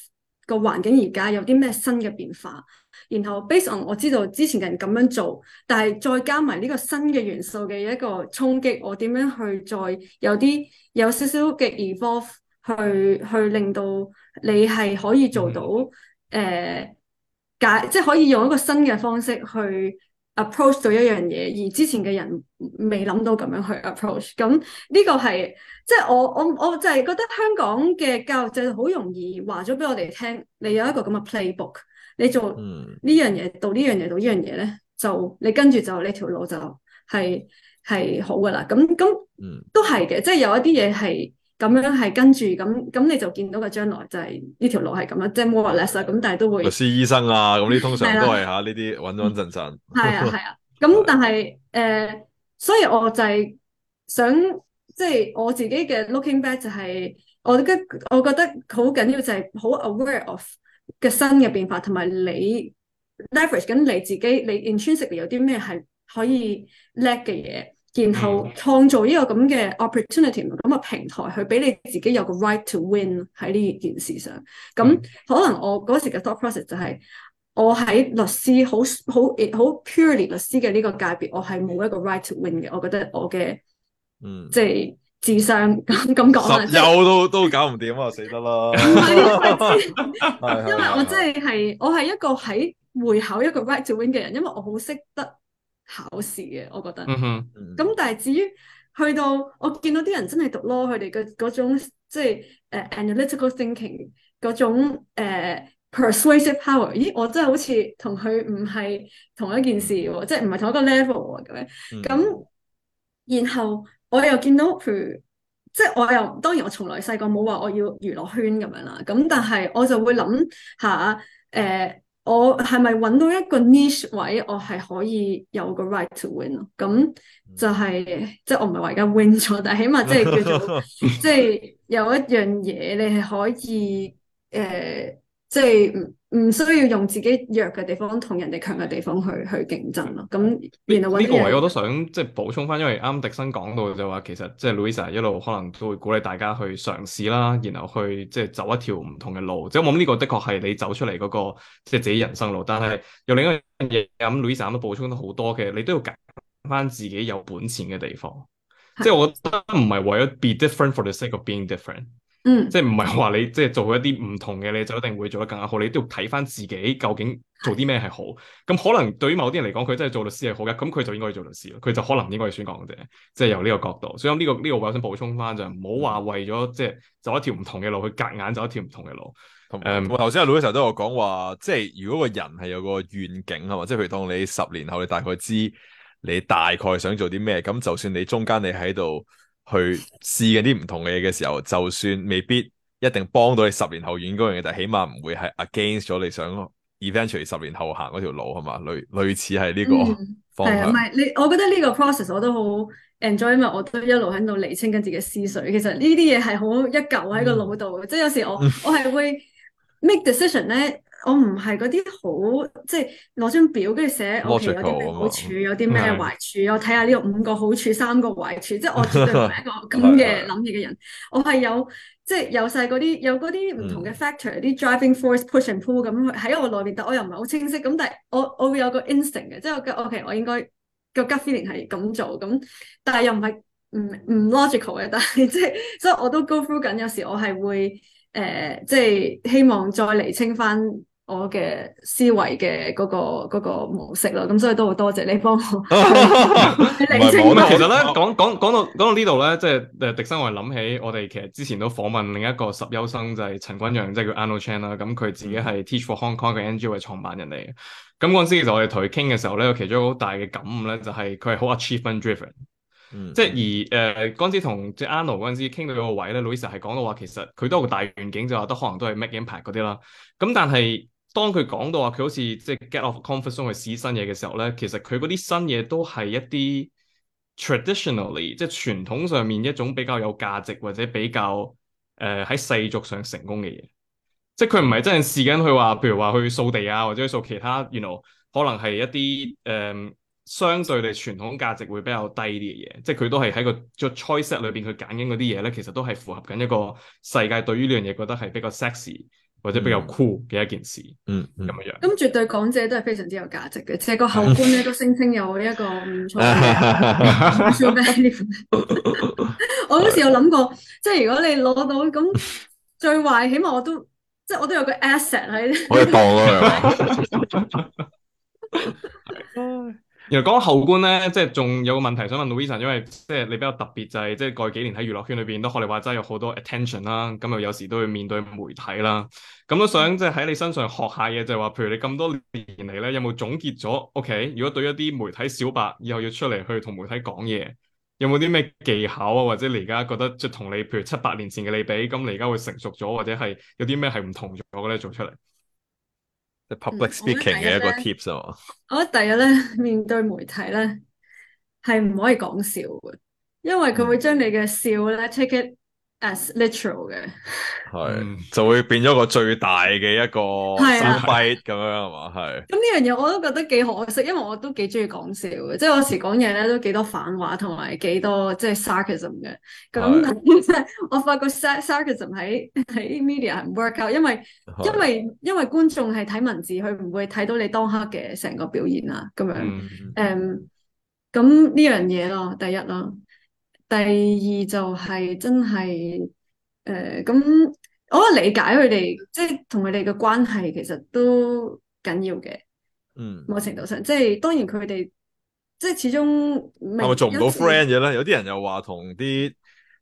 個環境而家有啲咩新嘅變化。然後，based on 我知道之前嘅人咁樣做，但係再加埋呢個新嘅元素嘅一個衝擊，我點樣去再有啲有少少嘅 evolve 去去令到你係可以做到誒、呃、解，即係可以用一個新嘅方式去 approach 到一樣嘢，而之前嘅人未諗到咁樣去 approach。咁呢個係即係我我我就係覺得香港嘅教育制度好容易話咗俾我哋聽，你有一個咁嘅 playbook。你做呢樣嘢到呢樣嘢到呢樣嘢咧，就你跟住就呢條路就係、是、係好噶啦。咁咁都係嘅，即係有一啲嘢係咁樣係跟住咁咁，你就見到嘅將來就係呢條路係咁啦。即係 more or less 咁，但係都會。律師醫生啊，咁呢通常都係吓呢啲穩穩陣陣。係啊係啊，咁、啊、 [laughs] 但係誒、呃，所以我就係想即係、就是、我自己嘅 looking back 就係我跟我覺得好緊要就係、是、好 aware of。嘅新嘅變化，同埋你 leverage 緊你自己，你 intrinsically 有啲咩係可以叻嘅嘢，然後創造呢個咁嘅 opportunity，咁嘅平台，去俾你自己有個 right to win 喺呢件事上。咁、mm. 可能我嗰時嘅 thought process 就係、是，我喺律師好好好 purely 律師嘅呢個界別，我係冇一個 right to win 嘅。我覺得我嘅，mm. 即係。智商咁咁講啊，自 [laughs] 十優都 [laughs] 都搞唔掂啊，死得啦！唔係，因為我真係係我係一個喺會考一個 right to win 嘅人，因為我好識得考試嘅，我覺得。咁、mm hmm. 但係至於去到我見到啲人真係讀 law，佢哋嘅嗰種即係誒 analytical thinking 嗰種、uh, persuasive power，咦，我真係好似同佢唔係同一件事喎，mm hmm. 即係唔係同一個 level 咁樣咁，mm hmm. 然後。我又見到，譬如即係我又當然我從來細個冇話我要娛樂圈咁樣啦，咁但係我就會諗下，誒、呃，我係咪揾到一個 niche 位，我係可以有個 right to win 咯、即係？咁就係即係我唔係話而家 win 咗，但係起碼即係叫做即係 [laughs] 有一樣嘢你係可以誒，即、呃、係。即係唔需要用自己弱嘅地方同人哋強嘅地方去去競爭咯。咁，呢個位我都想即係補充翻，因為啱啱迪生講到就話，其實即係 Louisa 一路可能都會鼓勵大家去嘗試啦，然後去即係走一條唔同嘅路。即係我諗呢個的確係你走出嚟嗰、個即係自己人生路。但係有另一樣嘢，咁、嗯、Louisa 都補充得好多嘅，你都要揀翻自己有本錢嘅地方。即係我覺得唔係為咗 be different for the sake of being different。嗯，即係唔係話你即係做一啲唔同嘅，你就一定會做得更加好。你都要睇翻自己究竟做啲咩係好。咁可能對於某啲人嚟講，佢真係做律師係好嘅，咁佢就應該去做律師咯。佢就可能應該去選港姐，即係由呢個角度。所以呢、這個呢、這個我想補充翻就唔好話為咗即係走一條唔同嘅路，去夾硬走一條唔同嘅路。同誒樣，我頭先 Louisa 嘅時都有講話，即係如果人個人係有個願景係嘛，即係譬如當你十年後，你大概知你大概想做啲咩，咁就算你中間你喺度。去試緊啲唔同嘅嘢嘅時候，就算未必一定幫到你十年後遠高樣嘅，就係起碼唔會係 against 咗你想 eventually 十年後行嗰條路，係嘛？類類似係呢個方向。係啊、嗯，唔係你，我覺得呢個 process 我都好 enjoy，因為我都一路喺度釐清緊自己思緒。其實呢啲嘢係好一嚿喺個腦度，嗯、即係有時我 [laughs] 我係會 make decision 咧。我唔係嗰啲好即係攞張表跟住寫，我其實有啲咩好處，有啲咩壞處，的我睇下呢個五個好處，三個壞處，即係我絕對唔係一個咁嘅諗嘢嘅人。 [laughs] 是的 我係有即係由細嗰啲有嗰啲唔同嘅 factor，啲 driving force push and pull 咁喺我內面，但我又唔係好清晰。咁但係我我會有個 instinct 嘅，即係我覺 OK，我應該個 gut feeling 係咁做咁，但係又唔係唔唔 logical 嘅。但係即係所以我都 go through 緊。有時我係會誒、呃、即係希望再釐清翻。我嘅思維嘅嗰個模式咯，咁所以都好多謝你幫我。其實咧講講講到講到呢度咧，即係誒迪生，我係諗起我哋其實之前都訪問另一個十優生，就係、是、陳君陽，嗯、即係叫 Anno Chan 啦。咁佢自己係 Teach for Hong Kong 嘅 NGO 創辦人嚟嘅。咁嗰陣時其實我哋同佢傾嘅時候咧，有其中一個好大嘅感悟咧，就係、是、佢係好 achievement driven，、嗯、即係而誒嗰陣時同即係 Anno 嗰陣時傾到個位咧，Louisa 係講到話其實佢都有個大願景就話得可能都係 make impact 嗰啲啦。咁但係。當佢講到話佢好似即係 get off comfort zone 去試新嘢嘅時候咧，其實佢嗰啲新嘢都係一啲 traditionally 即係傳統上面一種比較有價值或者比較誒喺、呃、世俗上成功嘅嘢，即係佢唔係真係試緊去話，譬如話去掃地啊，或者去掃其他，原來 you know, 可能係一啲誒、呃、相對地傳統價值會比較低啲嘅嘢，即係佢都係喺個，個 choice set 裏邊去揀緊嗰啲嘢咧，其實都係符合緊一個世界對於呢樣嘢覺得係比較 sexy。或者比較 cool 嘅一件事，嗯，咁、嗯、樣，咁絕對港姐都係非常之有價值嘅，即係個後冠咧都聲稱有一個唔錯嘅。 [laughs] [laughs] [laughs] 我嗰時有諗過，即係如果你攞到咁最壞，起碼我都即係我都有個 asset 喺度。可以當啊，係嘛？其實講後觀咧，即係仲有個問題想問 Louisa，因為即係你比較特別就係即係過去幾年喺娛樂圈裏邊都學你話齋有好多 attention 啦，咁又有時都會面對媒體啦，咁都想即係喺你身上學下嘢，就係話譬如你咁多年嚟咧，有冇總結咗？OK，如果對一啲媒體小白，以後要出嚟去同媒體講嘢，有冇啲咩技巧啊？或者你而家覺得即係同你譬如七八年前嘅你比，咁你而家會成熟咗，或者係有啲咩係唔同咗嘅咧？做出嚟。即係 public speaking 嘅一,一個 tips 啊，我覺得第一咧，面對媒體咧，係唔可以講笑嘅，因為佢會將你嘅笑咧、嗯、take it as literal 嘅，係就會變咗個最大嘅一個失敗咁樣係嘛？係咁，呢樣嘢我都覺得幾可惜，因為我，就是、我都幾中意講笑嘅，即係我有時講嘢咧都幾多反話同埋幾多即係 sarcasm 嘅。咁即係我發覺 sarcasm 喺喺 media 係唔 work out，因為因為 [noise] 因為觀眾係睇文字，佢唔會睇到你當刻嘅成個表演啊咁樣。嗯，咁呢樣嘢咯，第一啦。第二就係真係誒，咁，呃，我理解佢哋，即係同佢哋嘅關係，其實都緊要嘅。嗯，某程度上，即係當然佢哋即係始終係咪做唔到 friend 嘅啦。有啲人又話同啲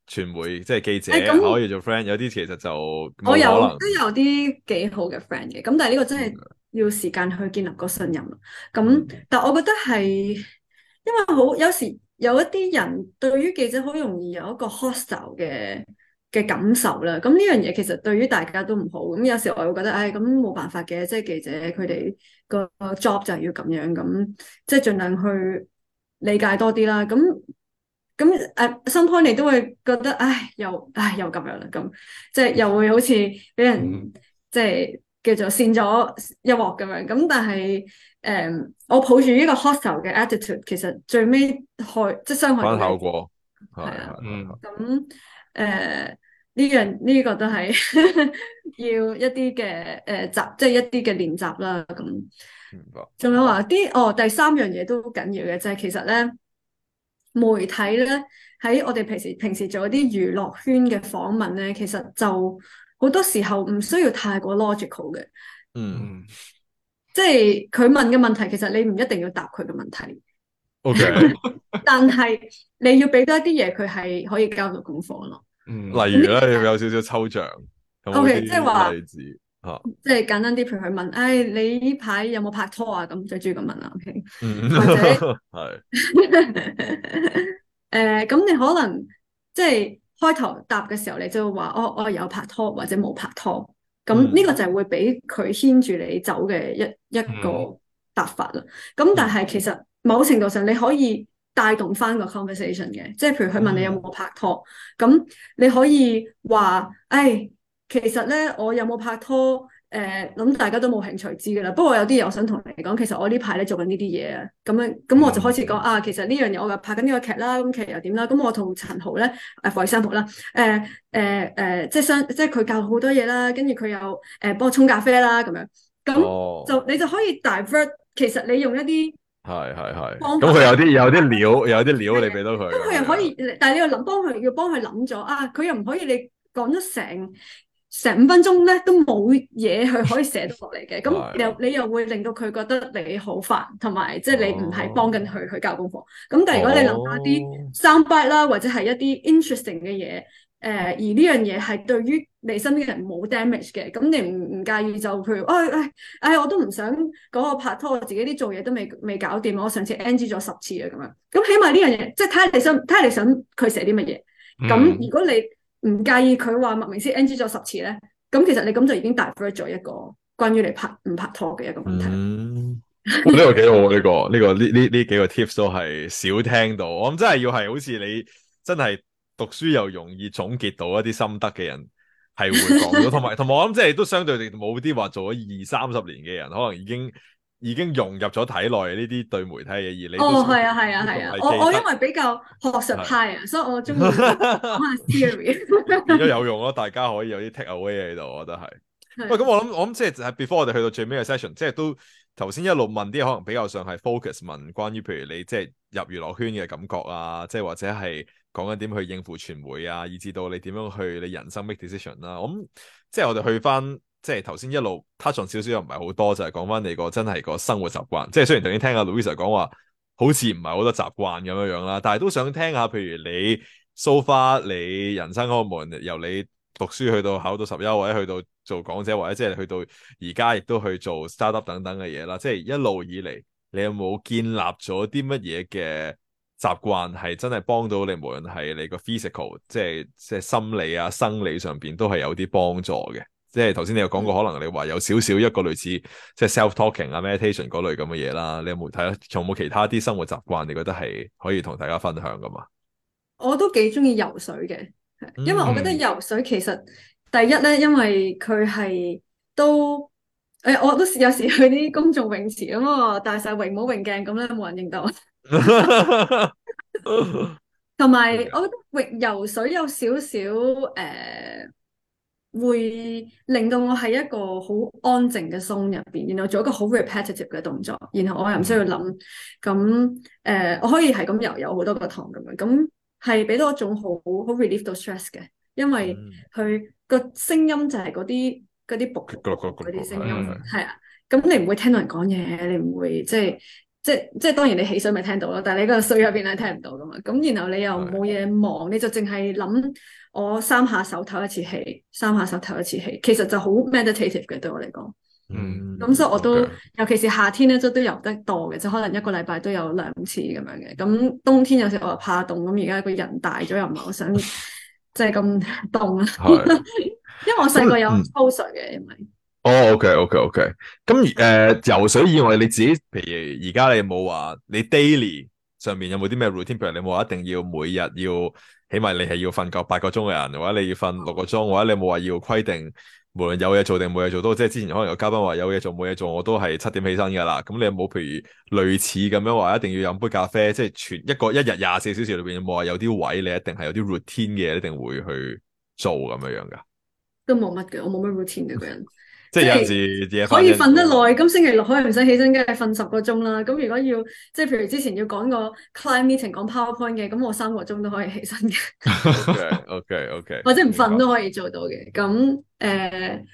傳媒即係記者可以做 friend，哎，有啲其實就我有都有啲幾好嘅 friend 嘅。咁但係呢個真係要時間去建立個信任。咁但係我覺得係因為好有時。有一啲人對於記者好容易有一個 hostile 嘅嘅感受啦，咁呢樣嘢其實對於大家都唔好，咁有時我會覺得，唉、哎，咁冇辦法嘅，即係記者佢哋個 job 就係要咁樣，咁即係盡量去理解多啲啦，咁咁誒 some point 你都會覺得，唉，又唉、哎、又咁樣啦，咁即係又會好似俾人、嗯、即係。叫做扇咗一鑊咁樣，咁但係，誒、嗯，我抱住呢個 hostile 嘅 attitude，其實最尾害即係傷害效果，係啊，的的嗯。咁誒，呢樣呢個都係 [laughs] 要一啲嘅誒習，即係一啲嘅練習啦。咁，仲有話啲哦，第三樣嘢都好緊要嘅，就係、是、其實咧，媒體咧喺我哋平時平時做一啲娛樂圈嘅訪問咧，其實就。好多時候唔需要太過 logical 嘅，嗯，即係佢問嘅問題，其實你唔一定要答佢嘅問題，O Okay . K， [laughs] [laughs] 但係你要俾多一啲嘢，佢係可以交到功課咯。嗯，例如咧、嗯、有有少少抽象，O K，即係話例子吓，即係、啊、簡單啲，譬如佢問，唉、哎，你呢排有冇拍拖啊？咁最主要咁問啦，O K，或者係，誒，咁你可能即係。開頭答嘅時候，你就會話：我、哦、我有拍拖或者冇拍拖。咁呢個就係會俾佢牽住你走嘅一、mm hmm. 一個答法啦。咁但係其實某程度上，你可以帶動翻個 conversation 嘅。即、就、係、是、譬如佢問你有冇拍拖，咁、mm hmm. 你可以話：誒、哎，其實咧，我有冇拍拖？誒，咁、呃、大家都冇興趣知噶啦。不過有啲嘢我想同你講，其實我呢排咧做緊呢啲嘢啊，咁樣咁我就開始講啊。其實呢樣嘢我又拍緊呢個劇啦，咁其實又點、呃呃呃、啦。咁我同陳豪咧 for example 啦，誒誒誒，即係相即係佢教好多嘢啦。跟住佢又誒幫我沖咖啡啦，咁樣咁、哦、就你就可以 divert。其實你用一啲係係係，咁佢有啲有啲料，有啲料你俾到佢，咁佢又可以。的但係你又諗幫佢，要幫佢諗咗啊！佢又唔可以你講咗成。成五分鐘咧都冇嘢，佢可以寫到落嚟嘅。咁你你又會令到佢覺得你好煩，同埋即係你唔係幫緊佢去教功課。咁但係如果你諗翻啲 soundbite 啦，或者係一啲 interesting 嘅嘢，誒、呃、而呢樣嘢係對於你身邊嘅人冇 damage 嘅，咁你唔唔介意就譬如，哎哎哎我都唔想嗰個拍拖，我自己啲做嘢都未未搞掂，我上次 NG 咗十次啊咁樣，咁起碼呢樣嘢，即係睇下你想睇下你想佢寫啲乜嘢。咁如果你。 [laughs] [laughs] 唔介意佢話麥明詩 NG 咗十次咧，咁其實你咁就已經 divert 咗一個關於你拍唔拍拖嘅一個問題。呢、嗯，這個幾好啊，呢、 [laughs] 這個呢、這個呢呢呢幾個 tips 都係少聽到。我諗真係要係好似你真係讀書又容易總結到一啲心得嘅人係會講到，同埋同埋我諗即係都相對冇啲話做咗二三十年嘅人，可能已經。已經融入咗體內呢啲對媒體嘅，而你哦係啊係啊係啊，啊啊啊我我因為比較學術派啊，所以我中意講下 theory 變有用咯，大家可以有啲 take away 喺度，我覺得係喂咁我諗我諗即係係 before 我哋去到最尾嘅 session 即係都頭先一路問啲可能比較上係 focus 問關於譬如你即係入娛樂圈嘅感覺啊，即係或者係講緊點去應付傳媒啊，以至到你點樣去你人生 make decision 啦、啊，咁即係我哋、就是、去翻。即係頭先一路 touch 上少少，又唔係好多，就係講翻你個真係個生活習慣。即係雖然頭先聽阿 Louisa 講話，好似唔係好多習慣咁樣樣啦，但係都想聽下，譬如你 so far, 你人生嗰個門由你讀書去到考到十優，或者去到做講者，或者即係去到而家亦都去做 startup 等等嘅嘢啦。即係一路以嚟，你有冇建立咗啲乜嘢嘅習慣，係真係幫到你？無論係你個 physical，即係即係心理啊生理上邊都係有啲幫助嘅。即係頭先你有講過，可能你話有少少一個類似即係 self talking 啊、talk ing, meditation 嗰類咁嘅嘢啦。你有冇睇？仲有冇其他啲生活習慣？你覺得係可以同大家分享噶嘛？我都幾中意游水嘅，因為我覺得游水其實第一咧，因為佢係都誒、哎，我都有時去啲公眾泳池啊嘛，戴晒泳帽泳鏡咁咧，冇人認得我。同埋，我覺得游泳游水有少少誒。呃會令到我喺一個好安靜嘅松入邊，然後做一個好 repetitive 嘅動作，然後我又唔需要諗，咁誒我可以係咁游，有好多個堂咁樣，咁係俾到一種好好 relieve 到 stress 嘅，因為佢個聲音就係嗰啲嗰啲 book 嗰啲聲音，係啊，咁你唔會聽到人講嘢，你唔會即係即係即係，當然你起水咪聽到咯，但係你喺個水入邊係聽唔到噶嘛，咁然後你又冇嘢忙，你就淨係諗。我三下手透一次氣，三下手透一次氣，其實就好 meditative 嘅對我嚟講。嗯。咁所以我都，Okay. 尤其是夏天咧，都都游得多嘅，就可能一個禮拜都有兩次咁樣嘅。咁冬天有時我又怕凍，咁而家個人大咗又唔係好想即係咁凍啊。因為我細個有游水嘅，因為 [laughs] oh, okay, okay, okay.。哦，OK，OK，OK。咁誒，游水以外，你自己，譬如而家你冇話，你 daily 上面有冇啲咩 routine？譬如你冇話一定要每日要。起碼你係要瞓夠八個鐘嘅人，或者你要瞓六個鐘，或者你冇話要規定，無論有嘢做定冇嘢做，都即係之前可能有嘉賓話有嘢做冇嘢做，我都係七點起身噶啦。咁你有冇譬如類似咁樣話一定要飲杯咖啡？即係全一個一日廿四小時裏邊有冇話有啲位你一定係有啲 routine 嘅，一定會去做咁樣樣噶？都冇乜嘅，我冇乜 routine 嘅個人。即係可以瞓得耐，今 [noise] 星期六可以唔使起身，梗係瞓十個鐘啦。咁如果要，即係譬如之前要講個 client meeting，講 PowerPoint 嘅，咁我三個鐘都可以起身嘅。OK，OK，OK，或者唔瞓都可以做到嘅。咁誒白、呃，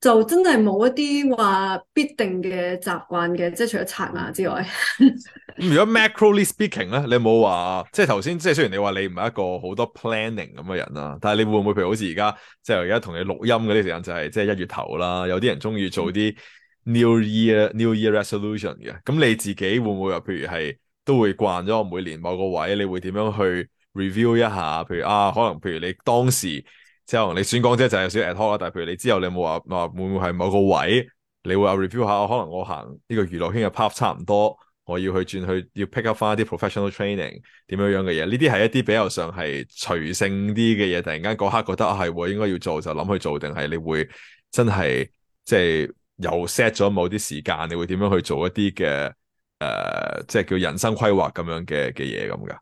就真係冇一啲話必定嘅習慣嘅，即係除咗刷牙之外。 [laughs] 如果 macroly speaking 咧，你冇話即係頭先，即係雖然你話你唔係一個好多 planning 咁嘅人啦，但係你會唔會譬如好似而家即係而家同你錄音嗰啲時間就係即係一月頭啦，有啲人中意做啲 new year new year resolution 嘅。咁你自己會唔會話譬如係都會慣咗？我每年某個位，你會點樣去 review 一下？譬如啊，可能譬如你當時之後你選港姐即係就有少啲 ad hoc 啦，但係譬如你之後你冇話話會唔會係某個位，你會話 review 下？可能我行呢個娛樂圈嘅 pop 差唔多。我要去轉去，要 pick up 翻一啲 professional training，點樣樣嘅嘢？呢啲係一啲比較上係隨性啲嘅嘢。突然間嗰刻覺得啊，係應該要做就諗去做，定係你會真係即係又 set 咗某啲時間？你會點樣去做一啲嘅誒，即係叫人生規劃咁樣嘅嘅嘢咁噶？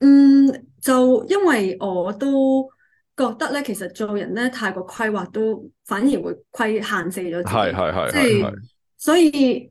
嗯，就因為我都覺得咧，其實做人咧太過規劃，規劃都反而會規限制咗。係係係，即係所以。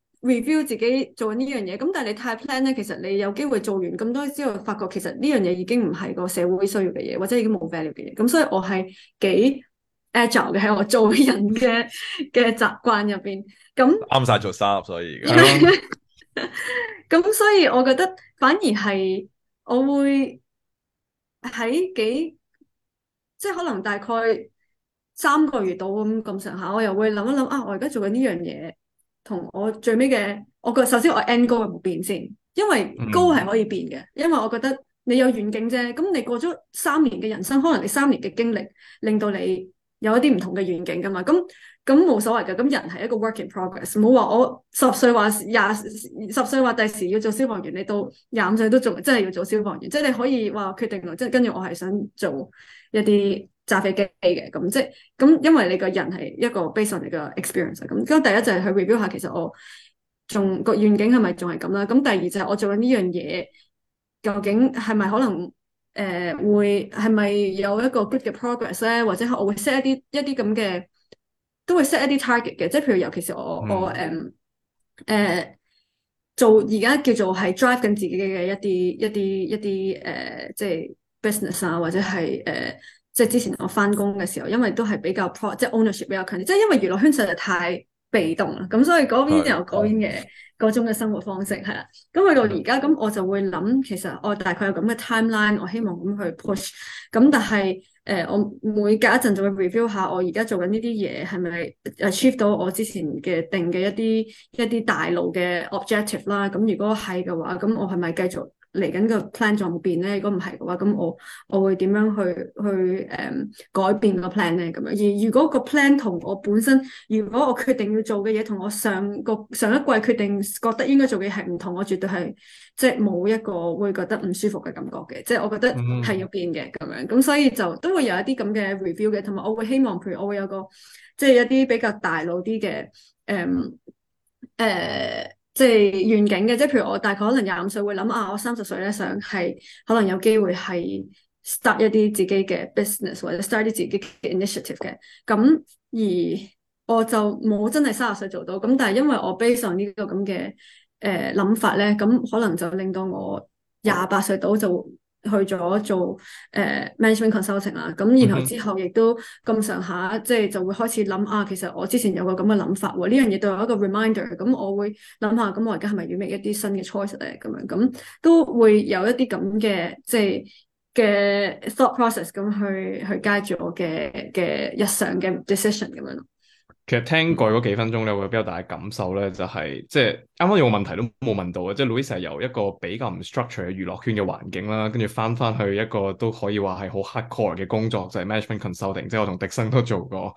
review 自己做緊呢樣嘢，咁但係你太 plan 咧，其實你有機會做完咁多之後，發覺其實呢樣嘢已經唔係個社會需要嘅嘢，或者已經冇 value 嘅嘢。咁所以我係幾 agile 嘅，喺我做人嘅嘅習慣入邊。咁啱晒做 startup，所以咁， [laughs] 吧 [laughs] 所以我覺得反而係我會喺幾即係可能大概三個月到咁咁上下，我又會諗一諗啊，我而家做緊呢樣嘢。同我最尾嘅，我覺得首先我 end goal 冇變先，因為 goal 係可以變嘅，因為我覺得你有遠景啫。咁你過咗三年嘅人生，可能你三年嘅經歷令到你有一啲唔同嘅遠景噶嘛。咁咁冇所謂㗎。咁人係一個 work in progress，冇話我十歲話廿十歲話第時要做消防員，你到廿五歲都做，真係要做消防員。即係你可以話決定即係跟住我係想做一啲。炸飛機嘅咁即係咁，因為你個人係一個 basic 嘅 experience 咁。咁第一就係去 review 下，其實我仲個願景係咪仲係咁啦？咁第二就係我做緊呢樣嘢，究竟係咪可能誒、呃、會係咪有一個 good 嘅 progress 咧？或者我會 set 一啲一啲咁嘅，都會 set 一啲 target 嘅。即係譬如，尤其是我、嗯、我誒誒、呃、做而家叫做係 drive 緊自己嘅一啲一啲一啲誒、呃，即係 business 啊，或者係誒。呃即係之前我返工嘅時候，因為都係比較 pro，即係 ownership 比較強啲，即係因為娛樂圈實在太被動啦，咁所以嗰邊有嗰邊嘅嗰種嘅生活方式係啦。咁去到而家，咁我就會諗，其實我大概有咁嘅 timeline，我希望咁去 push。咁但係誒，我每隔一陣就會 review 下我而家做緊呢啲嘢係咪 achieve 到我之前嘅定嘅一啲一啲大路嘅 objective 啦。咁如果係嘅話，咁我係咪繼續？嚟緊個 plan 仲冇變咧？如果唔係嘅話，咁我我會點樣去去誒、嗯、改變個 plan 咧？咁樣而如果個 plan 同我本身，如果我決定要做嘅嘢同我上個上一季決定覺得應該做嘅嘢係唔同，我絕對係即係冇一個會覺得唔舒服嘅感覺嘅。即係我覺得係要變嘅咁樣，咁所以就都會有一啲咁嘅 review 嘅，同埋我會希望譬如我會有個即係、就是、一啲比較大腦啲嘅誒誒。嗯呃即係願景嘅，即係譬如我大概可能廿五歲會諗啊，我三十歲咧想係可能有機會係 start 一啲自己嘅 business 或者 start 啲自己嘅 initiative 嘅。咁而我就冇真係三十歲做到。咁但係因為我 base on、呃、呢個咁嘅誒諗法咧，咁可能就令到我廿八歲到就，去咗做誒、呃、management consulting 啦，咁然後之後亦都咁上下，即、就、係、是、就會開始諗啊，其實我之前有個咁嘅諗法喎，呢、啊、樣嘢都有一個 reminder，咁、啊啊、我會諗下，咁、啊、我而家係咪要 make 一啲新嘅 choice 咧？咁樣咁都會有一啲咁嘅即係嘅 thought process，咁去去 guide 住我嘅嘅日常嘅 decision 咁樣咯。其實聽過嗰幾分鐘咧，我有比較大嘅感受咧，就係、是、即係啱啱有個問題都冇問到啊，即係 Louisa 由一個比較唔 structure 嘅娛樂圈嘅環境啦，跟住翻翻去一個都可以話係好 hardcore 嘅工作，就係、是、management consulting，即係我同迪生都做過。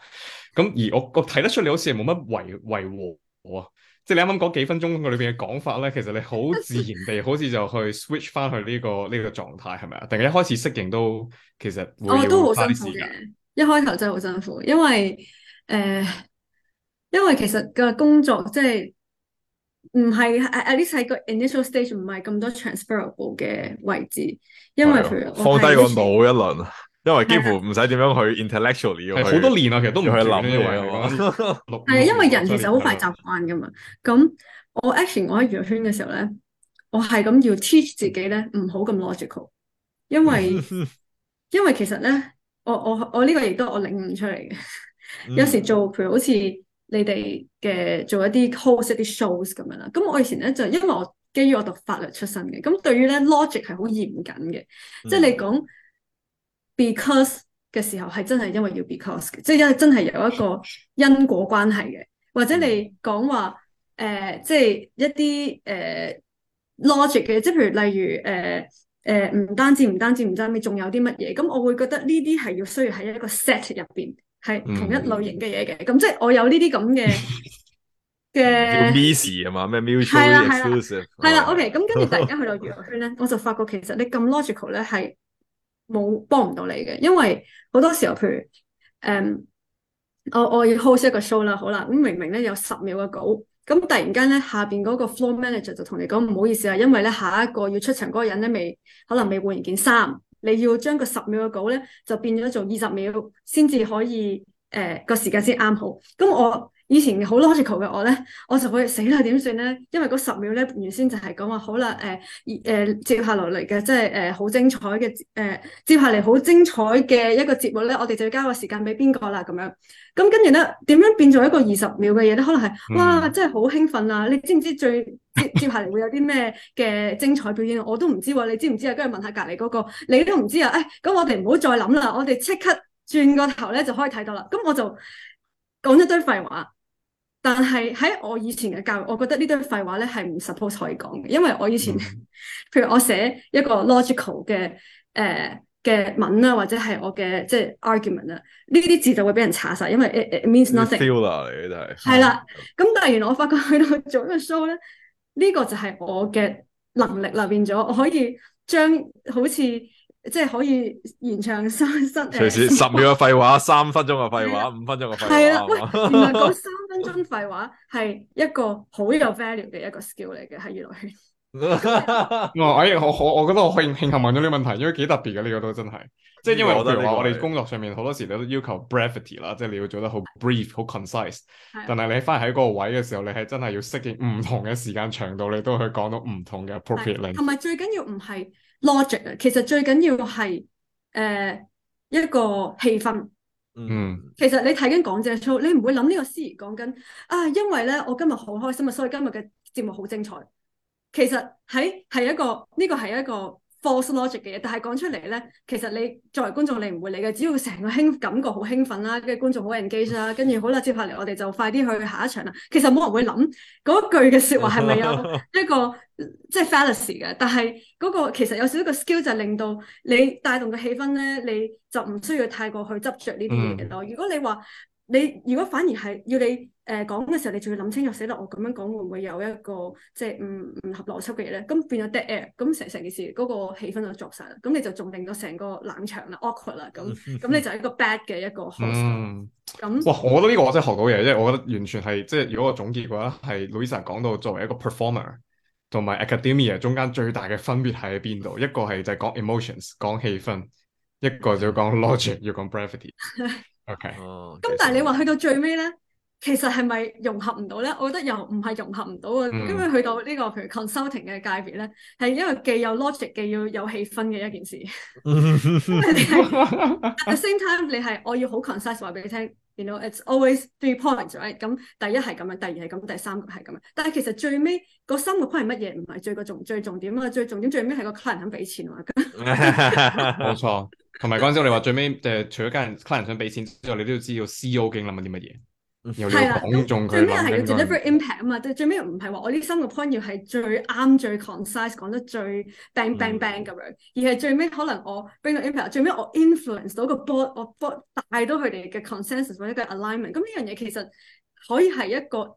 咁而我我睇得出你好似係冇乜違違和啊，即係你啱啱嗰幾分鐘裏邊嘅講法咧，其實你好自然地，好似就去 switch 翻去呢、這個呢 [laughs] 個狀態，係咪啊？定係一開始適應都其實、哦、都好辛苦嘅，一開頭真係好辛苦，因為誒。呃因為其實個工作即係唔係 at least 喺個 initial stage 唔係咁多 transferable 嘅位置，因為放低個腦一輪，因為幾乎唔使點樣去 intellectually 的。好去多年啊，其實都唔去諗呢位啊嘛。係啊的，因為人其實好快習慣噶嘛。咁 [laughs] 我 actually 我喺娛樂圈嘅時候咧，我係咁要 teach 自己咧唔好咁 logical，因為 [laughs] 因為其實咧，我我我呢個亦都我領悟出嚟嘅，有時做譬如好似。你哋嘅做一啲 host 一啲 shows 咁樣啦，咁我以前咧就因為我基於我讀法律出身嘅，咁對於咧 logic 係好嚴謹嘅，即係你講 because 嘅時候係真係因為要 because 嘅，即係因為真係有一個因果關係嘅，或者你講話誒，即係一啲誒 logic 嘅，即係譬如例如誒誒唔單止唔單止唔單止，仲有啲乜嘢？咁我會覺得呢啲係要需要喺一個 set 入邊。係同一類型嘅嘢嘅，咁即係我有呢啲咁嘅嘅 miss 啊嘛，咩 mutual exclusive？係啦，OK，咁跟住大家去到娛樂圈咧，我就發覺其實你咁 logical 咧係冇幫唔到你嘅，因為好多時候譬如誒、嗯，我我要 host 一個 show 啦，好啦，咁明明咧有十秒嘅稿，咁突然間咧下邊嗰個 floor manager 就同你講唔好意思啊，因為咧下一個要出場嗰個人咧未可能未換完件衫。你要將個十秒嘅稿咧，就變咗做二十秒，先至可以，誒、呃、個時間先啱好。咁我。以前好 logical 嘅我咧，我就會死啦？點算咧？因為嗰十秒咧，原先就係講話好啦，誒、呃，誒、呃，接下落嚟嘅，即係誒，好、呃、精彩嘅，誒、呃，接下嚟好精彩嘅一個節目咧，我哋就要交個時間俾邊個啦，咁樣。咁跟住咧，點樣變做一個二十秒嘅嘢咧？可能係、嗯、哇，真係好興奮啊！你知唔知最接接下嚟會有啲咩嘅精彩表演？我都唔知喎、啊，你知唔知啊？跟住問下隔籬嗰個，你都唔知啊？誒、哎，咁我哋唔好再諗啦，我哋即刻轉個頭咧就可以睇到啦。咁我就講一堆堆廢話。但係喺我以前嘅教育，我覺得呢堆廢話咧係唔 suppose 可以講嘅，因為我以前、嗯、譬如我寫一個 logical 嘅誒嘅、呃、文啦、啊，或者係我嘅即係 argument 啦，呢、就、啲、是啊、字就會俾人查晒，因為 it it means nothing。你 feel 啦，你呢真係。係啦，咁但係原來我發覺去到做一個 show 咧，呢、這個就係我嘅能力啦，變咗我可以將好似。即係可以延長三、十、隨時十秒嘅廢話，三 [laughs] 分鐘嘅廢話，五的分鐘嘅廢話。係啊，喂，原來嗰三分鐘廢話係一個好有 value 嘅一個 skill 嚟嘅，喺娛樂圈。我、 [laughs] 哦、哎，我我我覺得我幸慶幸問咗呢個問題，因為幾特別嘅呢個都真係，即係因為譬如話我哋工作上面好多時你都要求 brevity 啦，即係你要做得好 brief，好 concise 的。但係你翻喺個位嘅時候，你係真係要適應唔同嘅時間長度，你都去講到唔同嘅 appropriateness。同埋最緊要唔係 logic 啊，其實最緊要係誒、呃、一個氣氛。嗯。其實你睇緊講者 show 你唔會諗呢個司儀講緊啊，因為咧我今日好開心啊，所以今日嘅節目好精彩。其實喺係一個呢個係一個 false logic 嘅嘢，但係講出嚟咧，其實你作為觀眾你唔會理嘅，只要成個興感覺好興奮啦，跟住觀眾 engage，好 engage 啦，跟住好啦，接下嚟我哋就快啲去下一場啦。其實冇人會諗嗰句嘅説話係咪有一個 [laughs] 即係 fallacy 嘅，但係嗰個其實有少少嘅 skill 就令到你帶動嘅氣氛咧，你就唔需要太過去執着呢啲嘢咯。嗯、如果你話，你如果反而係要你誒講嘅時候，你仲要諗清楚寫落，我咁樣講會唔會有一個即係唔唔合邏輯嘅嘢咧？咁變咗 dead air，咁成成件事嗰個氣氛就作晒啦。咁你就仲令到成個冷場啦，awkward 啦。咁咁你就一個 bad 嘅一個開場。咁、 [laughs] 嗯、那哇，我覺得呢個我真係學到嘢，即係我覺得完全係即係如果我總結嘅話，係 Louisa 講到作為一個 performer 同埋 academia 中間最大嘅分別係邊度？一個係就講 emotions，講氣氛；一個就講 logic，要講 brevity。 [laughs] 哦，咁 Okay.、嗯、但係你話去到最尾咧，其實係咪融合唔到咧？我覺得又唔係融合唔到啊，嗯、因為去到呢、這個譬如 consulting 嘅界別咧，係因為既有 logic，既要有氣氛嘅一件事。At the same time，你係我要好 concise 話俾你聽，you know it's always three points，right？咁第一係咁樣，第二係咁，第三係咁樣,樣。但係其實最尾個三個 key 係乜嘢？唔係最個重最重點啊，最重點最尾係個 client 肯俾錢啊嘛。冇錯。同埋嗰陣時，我哋話最尾誒，除咗客人、client 想俾錢之外，你都要知道 C.O. 經理諗緊啲乜嘢，又、嗯、要講中佢。最尾係要 deliver impact 啊嘛，最最尾唔係話我呢三個 point 要係最啱、最 concise、講得最 bang bang bang 咁樣，嗯、而係最尾可能我 bring a impact，最尾我 influence 到個 board，我 board 帶到佢哋嘅 consensus 或者個 alignment。咁呢樣嘢其實可以係一個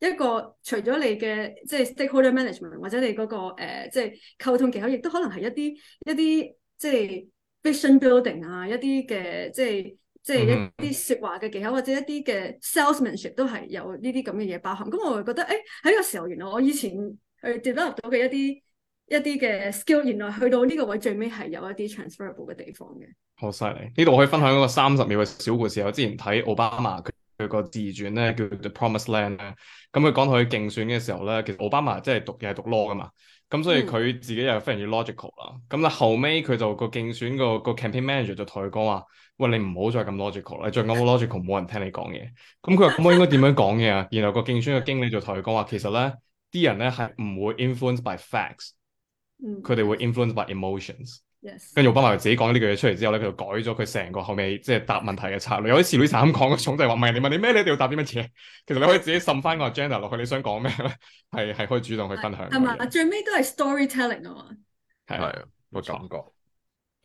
一個除咗你嘅即係 stakeholder management 或者你嗰、嗰個誒、呃、即係溝通技巧，亦都可能係一啲一啲即係。Vision building 啊，一啲嘅即係即係一啲說話嘅技巧，mm hmm. 或者一啲嘅 salesmanship 都係有呢啲咁嘅嘢包含。咁我會覺得，誒、欸、喺個時候，原來我以前去 develop 到嘅一啲一啲嘅 skill，原來去到呢個位最尾係有一啲 transferable 嘅地方嘅。好犀利！呢度我可以分享一個三十秒嘅小故事。我之前睇奧巴馬佢個自傳咧，叫《The Promised Land》咧，咁佢講佢競選嘅時候咧，其實奧巴馬即係讀又係讀 law 噶嘛。咁所以佢自己又非常之 logical 啦。咁、嗯、但後尾，佢就個競選個個 campaign manager 就同佢講話：喂，你唔好再咁 logical 啦，再咁 logical，冇人聽你講嘢。咁佢話：咁我應該點樣講嘢啊？然後個競選嘅經理就同佢講話：其實咧，啲人咧係唔會 influence by facts，佢哋、嗯、會 influence by emotions。Yes. 跟住奧巴馬自己講呢句嘢出嚟之後咧，佢就改咗佢成個後尾即係答問題嘅策略。有啲似 Louisa 咁講嗰種，就係話唔係你問你咩，你一定要答啲乜嘢，其實你可以自己滲翻個 agenda 落去，你想講咩咧？係 [laughs] 係可以主動去分享。係嘛，最尾都係 storytelling 啊嘛是。係啊的，冇講過。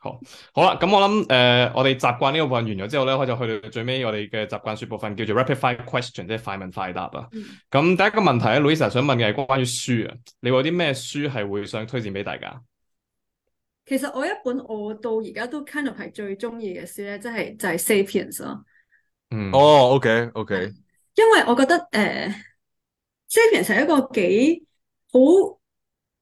好，好啦，咁我諗誒、呃，我哋習慣呢個部分完咗之後咧，我就去到最尾我哋嘅習慣說部分，叫做 rapid fire question，即係快問快答啦。咁、嗯、第一個問題啊，Louisa 想問嘅係關於書啊，你有啲咩書係會想推薦俾大家？其實我一本我到而家都 kind of 係最中意嘅書咧，即係就係 Sapiens 咯。嗯、就是，mm. 哦，OK，OK。Okay, okay. 因為我覺得誒、uh,，Sapiens 係一個幾好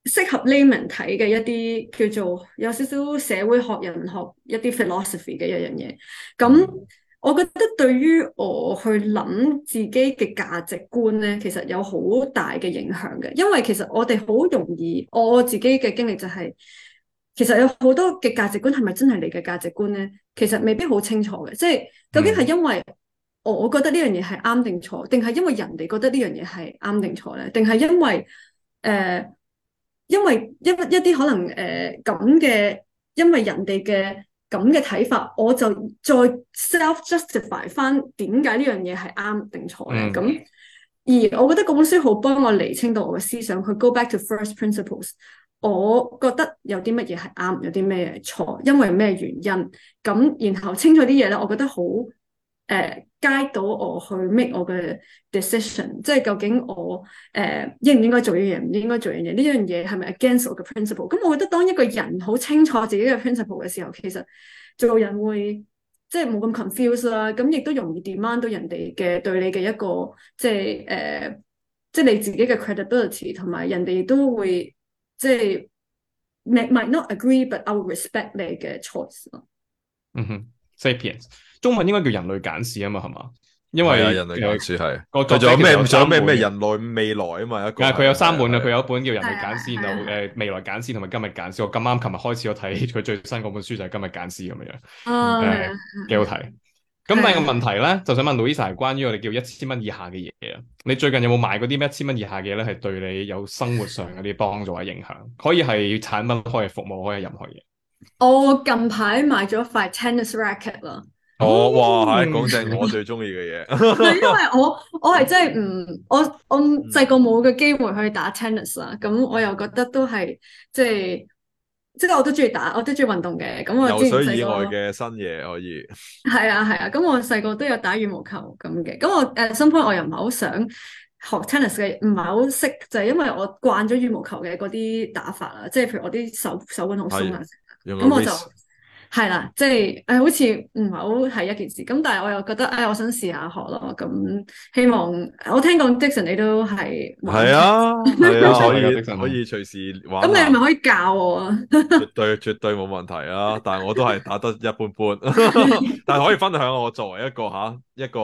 適合 layman 睇嘅一啲叫做有少少社會學、人學一啲 philosophy 嘅一樣嘢。咁我覺得對於我去諗自己嘅價值觀咧，其實有好大嘅影響嘅。因為其實我哋好容易，我自己嘅經歷就係、是。其實有好多嘅價值觀係咪真係你嘅價值觀咧？其實未必好清楚嘅，即係究竟係因為我覺得呢樣嘢係啱定錯，定係因為人哋覺得呢樣嘢係啱定錯咧？定係因為誒、呃，因為一一啲可能誒咁嘅，因為人哋嘅咁嘅睇法，我就再 self justify 翻點解呢樣嘢係啱定錯咧？咁、嗯、而我覺得嗰本書好幫我厘清到我嘅思想，去 go back to first principles。我覺得有啲乜嘢係啱，有啲咩錯，因為咩原因？咁然後清楚啲嘢咧，我覺得好誒 guide 到我去 make 我嘅 decision，即係究竟我誒、呃、應唔應該做呢樣嘢，唔應，應該做樣嘢？呢樣嘢係咪 against 我嘅 principle？咁我覺得當一個人好清楚自己嘅 principle 嘅時候，其實做人會即係冇咁 confused 啦、啊。咁亦都容易 demand 到人哋嘅對你嘅一個即係誒，即係、呃、你自己嘅 credibility，同埋人哋都會。即係 m i g might not agree，but 但係我 respect 你嘅 choice 咯、mm。嗯哼、hmm.，Sapiens 中文應該叫人類簡史啊嘛，係嘛？因為、啊、人類簡史係。仲有咩？仲、啊、有咩咩？人類未來啊嘛，有啊佢有三本啊，佢、啊、有一本叫《人類簡史》到誒、啊啊、未來簡史同埋今日簡史。我咁啱琴日開始我睇佢最新嗰本書就係、是、今日簡史咁樣樣，誒幾、啊嗯啊、好睇。咁第二個問題咧，就想問 Louisa 關於我哋叫一千蚊以下嘅嘢啊，你最近有冇買過啲咩一千蚊以下嘅嘢咧？係對你有生活上嗰啲幫助啊影響？可以係產品，可以服務，可以任何嘢。我近排買咗塊 tennis racket 啦。我、哦、哇，係講正我最中意嘅嘢。係 [laughs] 因為我我係真係唔，我我細個冇嘅機會去打 tennis 啦。咁我又覺得都係即係。就是即係我都中意打，我都中意運動嘅。咁我之游水以外嘅新嘢可以。係啊係啊，咁、啊、我細個都有打羽毛球，咁嘅。咁我誒 some point 我又唔係好想學 tennis 嘅，唔係好識就係、是、因為我慣咗羽毛球嘅嗰啲打法啦。即係譬如我啲手手腕好鬆啊，咁我就。係啦，即係誒、哎，好似唔係好係一件事。咁但係我又覺得誒、哎，我想試下學咯。咁希望、嗯、我聽講 Dixon 你都係係啊， [laughs] 啊，可以可以隨時玩。咁你係咪可以教我啊？ [laughs] 絕對絕對冇問題啊！但係我都係打得一般般， [laughs] 但係可以分享、啊、我作為一個吓、啊、一個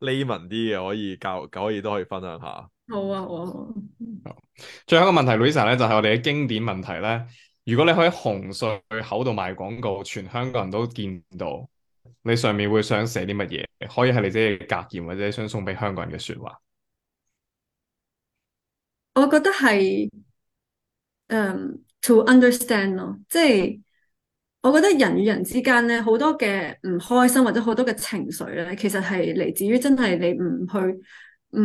layman 啲嘅，可以教可以都可以分享下好、啊。好啊好啊，好。最後一個問題，Louisa 咧就係我哋嘅經典問題咧。如果你喺可以紅隧口度賣廣告，全香港人都見到，你上面會想寫啲乜嘢？可以係你自己嘅格言，或者想送俾香港人嘅説話。我覺得係，嗯，um，to understand 咯，即係我覺得人與人之間咧，好多嘅唔開心或者好多嘅情緒咧，其實係嚟自於真係你唔去唔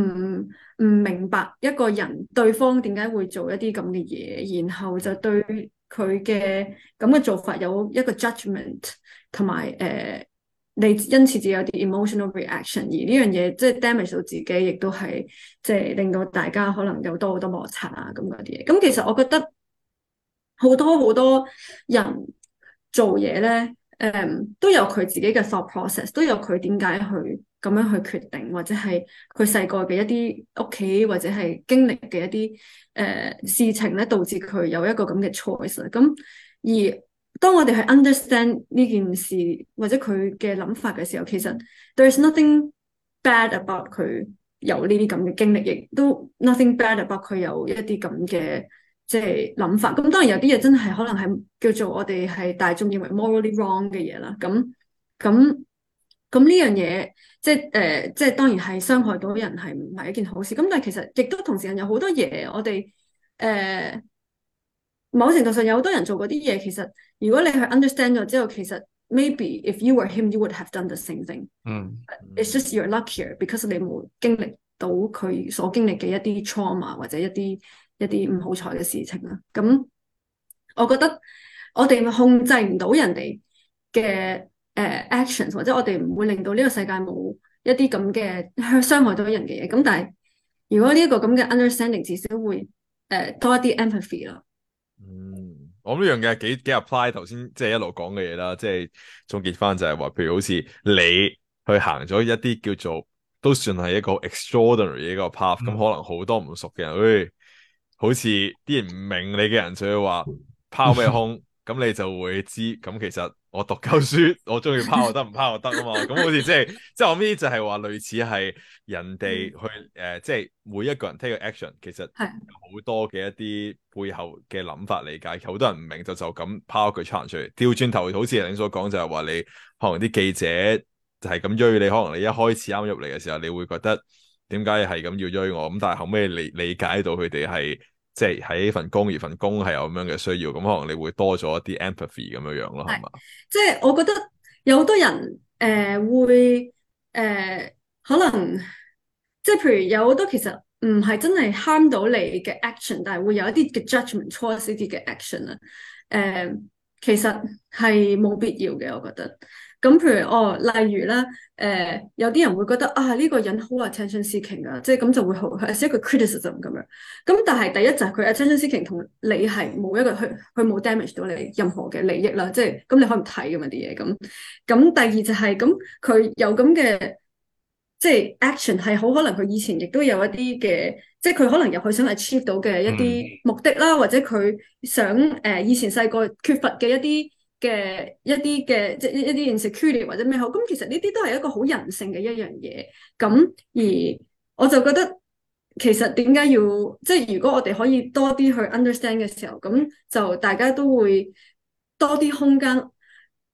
唔明白一個人對方點解會做一啲咁嘅嘢，然後就對。佢嘅咁嘅做法有一個 judgment 同埋誒、呃、你因此只有啲 emotional reaction，而呢樣嘢即係 damage 到自己，亦都係即係令到大家可能有多好多摩擦啊咁嗰啲嘢。咁、嗯、其實我覺得好多好多人做嘢咧，誒、呃、都有佢自己嘅 thought process，都有佢點解去。咁樣去決定，或者係佢細個嘅一啲屋企，或者係經歷嘅一啲誒、呃、事情咧，導致佢有一個咁嘅 choice。咁而當我哋係 understand 呢件事，或者佢嘅諗法嘅時候，其實 there is nothing bad about 佢有呢啲咁嘅經歷，亦都 nothing bad about 佢有一啲咁嘅即係諗法。咁當然有啲嘢真係可能係叫做我哋係大眾認為 morally wrong 嘅嘢啦。咁咁。咁呢樣嘢，即係誒、呃，即係當然係傷害到人，係唔係一件好事？咁但係其實亦都同時間有好多嘢，我哋誒、某程度上有好多人做過啲嘢。其實如果你去 understand 咗之後，其實 maybe if you were him, you would have done the same thing. Mm。嗯。It's just you're luckier because 你冇經歷到佢所經歷嘅一啲 trauma 或者一啲一啲唔好彩嘅事情啦。咁我覺得我哋控制唔到人哋嘅。誒、uh，actions 或者我哋唔會令到呢個世界冇一啲咁嘅傷害到人嘅嘢。咁但係如果呢一個咁嘅 understanding，至少會誒、uh, 多一啲 empathy 咯。嗯，我諗呢樣嘅幾幾 apply 頭先即係一路講嘅嘢啦，即係總結翻就係話，譬如好似你去行咗一啲叫做都算係一個 extraordinary 嘅一個 path，咁、嗯、可能好多唔熟嘅人，哎、好似啲唔明你嘅人就會，所以話拋咩空，咁 [laughs] 你就會知，咁其實。我讀夠書，我中意拋我得唔拋我得啊嘛！咁好似即係，即係我呢啲就係話類似係人哋去誒，即、呃、係、就是、每一個人 take action，其實有好多嘅一啲背後嘅諗法理解，好多人唔明就就咁拋出句出嚟。調轉頭好似人哋所講就係、是、話你可能啲記者就係咁追你，可能你一開始啱入嚟嘅時候你會覺得點解係咁要追我咁，但係後尾你理,理解到佢哋係。即係喺份工而份工係有咁樣嘅需要，咁可能你會多咗一啲 empathy 咁樣樣咯，係嘛？即、就、係、是、我覺得有好多人誒、呃、會誒、呃、可能即係譬如有好多其實唔係真係 harm 到你嘅 action，但係會有一啲嘅 judgementalistic 嘅 action 啊，誒，其實係冇必要嘅，我覺得。咁譬如哦，例如咧，誒、呃、有啲人會覺得啊，呢、這個人好 attention-seeking 啊，即係咁就會好係一個 criticism 咁樣。咁但係第一就係佢 attention-seeking 同你係冇一個去，佢冇 damage 到你任何嘅利益啦。即係咁你可以唔睇咁啲嘢咁。咁第二就係、是、咁，佢有咁嘅即係 action 係好可能佢以前亦都有一啲嘅，即係佢可能入去想 achieve 到嘅一啲目的啦，或者佢想誒、呃、以前細個缺乏嘅一啲。嘅一啲嘅即係一啲 insecurity 或者咩好，咁其實呢啲都係一個好人性嘅一樣嘢。咁而我就覺得其實點解要即係，如果我哋可以多啲去 understand 嘅時候，咁就大家都會多啲空間，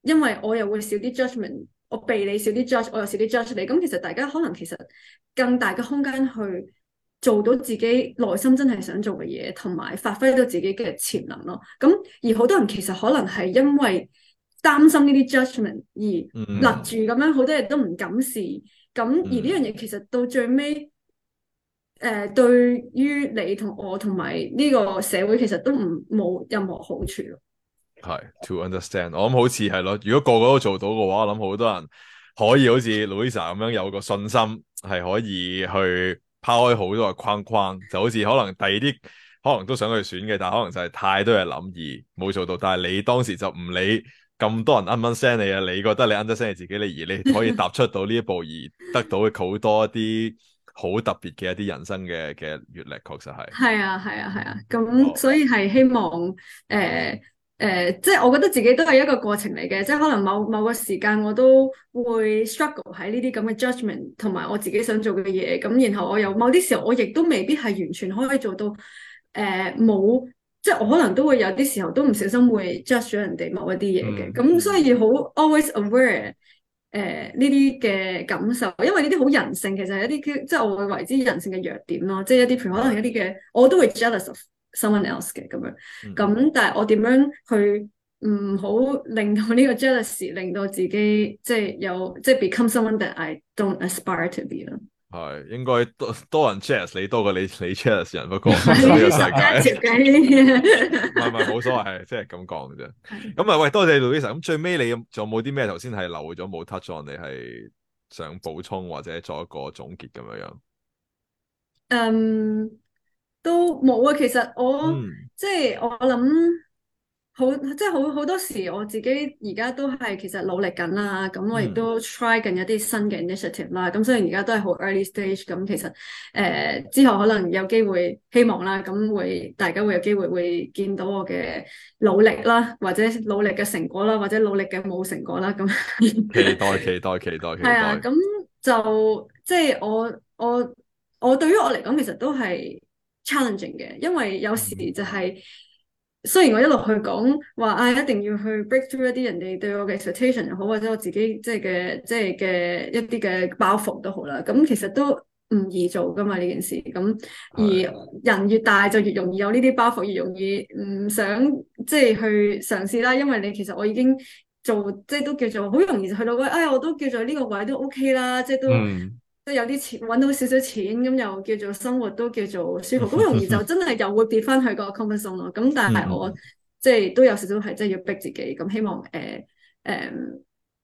因為我又會少啲 judgment，我避你少啲 judge 我又少啲 judge 你。咁其實大家可能其實更大嘅空間去。.做到自己內心真係想做嘅嘢，同埋發揮到自己嘅潛能咯。咁而好多人其實可能係因為擔心呢啲 judgment 而立住咁樣，好、嗯、多嘢都唔敢試。咁而呢樣嘢其實到最尾，誒、呃，對於你同我同埋呢個社會，其實都唔冇任何好處咯。係 to understand，我諗好似係咯。如果個個都做到嘅話，我諗好多人可以好似 Louisa 咁樣有個信心，係可以去。拋開好多嘅框框，就好似可能第二啲可能都想去選嘅，但係可能就係太多嘢諗而冇做到。但係你當時就唔理咁多人啱唔啱聲你啊，你覺得你啱得聲你自己你，而你可以踏出到呢一步而得到好多一啲好特別嘅一啲人生嘅嘅閱歷，確實係。係啊係啊係啊，咁、啊啊 oh. 所以係希望誒。呃誒，即係、uh, 我覺得自己都係一個過程嚟嘅，即、就、係、是、可能某某個時間我都會 struggle 喺呢啲咁嘅 judgment 同埋我自己想做嘅嘢，咁然後我又某啲時候我亦都未必係完全可以做到誒冇，即、uh, 係、就是、我可能都會有啲時候都唔小心會 judge 咗人哋某一啲嘢嘅，咁、mm hmm. 所以好 always aware 誒呢啲嘅感受，因為呢啲好人性其實係一啲即係我會為之人性嘅弱點咯，即、就、係、是、一啲譬如可能一啲嘅我都會 jealous of。someone else 嘅咁樣，咁但係我點樣去唔好令到呢個 jealous 令到自己即係有即係 become someone that I don't aspire to be 咯、嗯。係應該多多人 jealous 你多過你你 jealous 人，不過，你實家住緊，唔係唔係冇所謂，即係咁講啫。咁啊， [laughs] 喂，多謝，謝 Louisa 咁最尾你仲有冇啲咩頭先係漏咗冇 touch on？你係想補充或者做一個總結咁樣樣。嗯。Um, 都冇啊！其實我、嗯、即係我諗好，即係好好多時，我自己而家都係其實努力緊啦。咁我亦都 try 緊一啲新嘅 initiative 啦。咁雖然而家都係好 early stage，咁其實誒、呃、之後可能有機會希望啦。咁會大家會有機會會見到我嘅努力啦，或者努力嘅成果啦，或者努力嘅冇成果啦。咁期待，期待，期待，期待。係啊，咁就即係我我我對於我嚟講，其實都係。challenging 嘅，因為有時就係、是嗯、雖然我一路去講話啊，一定要去 break through 一啲人哋對我嘅 expectation 又好，或者我自己即係嘅即係嘅一啲嘅包袱都好啦。咁其實都唔易做㗎嘛呢件事。咁而人越大就越容易有呢啲包袱，越容易唔想即係去嘗試啦。因為你其實我已經做即係都叫做好容易就去到喂，哎呀我都叫做呢個位都 OK 啦，即係都。嗯即係有啲錢揾到少少錢，咁又叫做生活都叫做舒服，咁 [laughs] 容易就真係又會跌翻去個 comfort zone 咯。咁但係我、嗯、即係都有少少係真係要逼自己，咁希望誒誒、呃呃、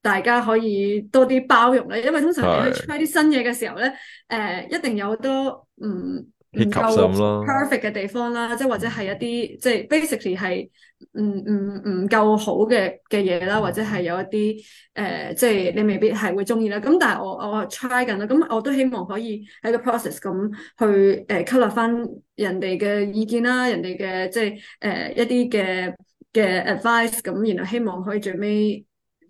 大家可以多啲包容啦，因為通常你去 try 啲新嘢嘅時候咧，誒是、呃、一定有好多嗯，唔夠 perfect 嘅地方啦，即係 [music] 或者係一啲即係 basically 係唔唔唔夠好嘅嘅嘢啦，或者係有一啲誒即係你未必係會中意啦。咁但係我我 try 緊啦，咁我都希望可以喺個 process 咁去誒 cover 翻人哋嘅意見啦，人哋嘅即係誒一啲嘅嘅 advice，咁然後希望可以最尾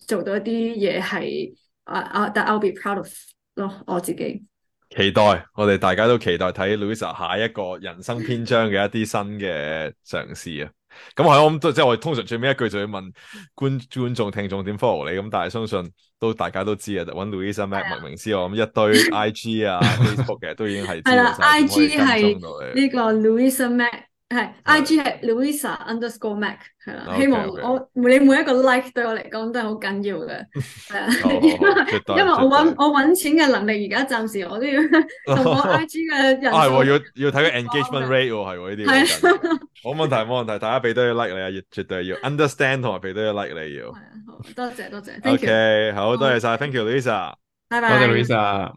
做到一啲嘢係啊啊，但、uh, I'll be proud of 咯我自己。期待，我哋大家都期待睇 Louisa 下一個人生篇章嘅一啲新嘅嘗試啊。咁係咯，咁即係我哋通常最尾一句就要問觀觀眾聽眾點 follow 你咁，但係相信都大家都知 isa，啊，搵 Louisa Mak 麥明詩，我諗一堆 IG 啊 [laughs] Facebook 嘅都已經係係啦，IG 係呢個 Louisa Mak。係，I G 係 Louisa underscore Mak 係啦，希望我你每一個 like 對我嚟講都係好緊要嘅，係啊，因為我搵我搵錢嘅能力而家暫時我都要，同我 I G 嘅人係喎，要要睇佢 engagement rate 喎，係喎呢啲，冇問題冇問題，大家俾多啲 like 你啊，絕對要 understand 同埋俾多啲 like 你要，好多謝多謝，thank you，好，多謝晒，thank you Louisa，拜拜，Louisa。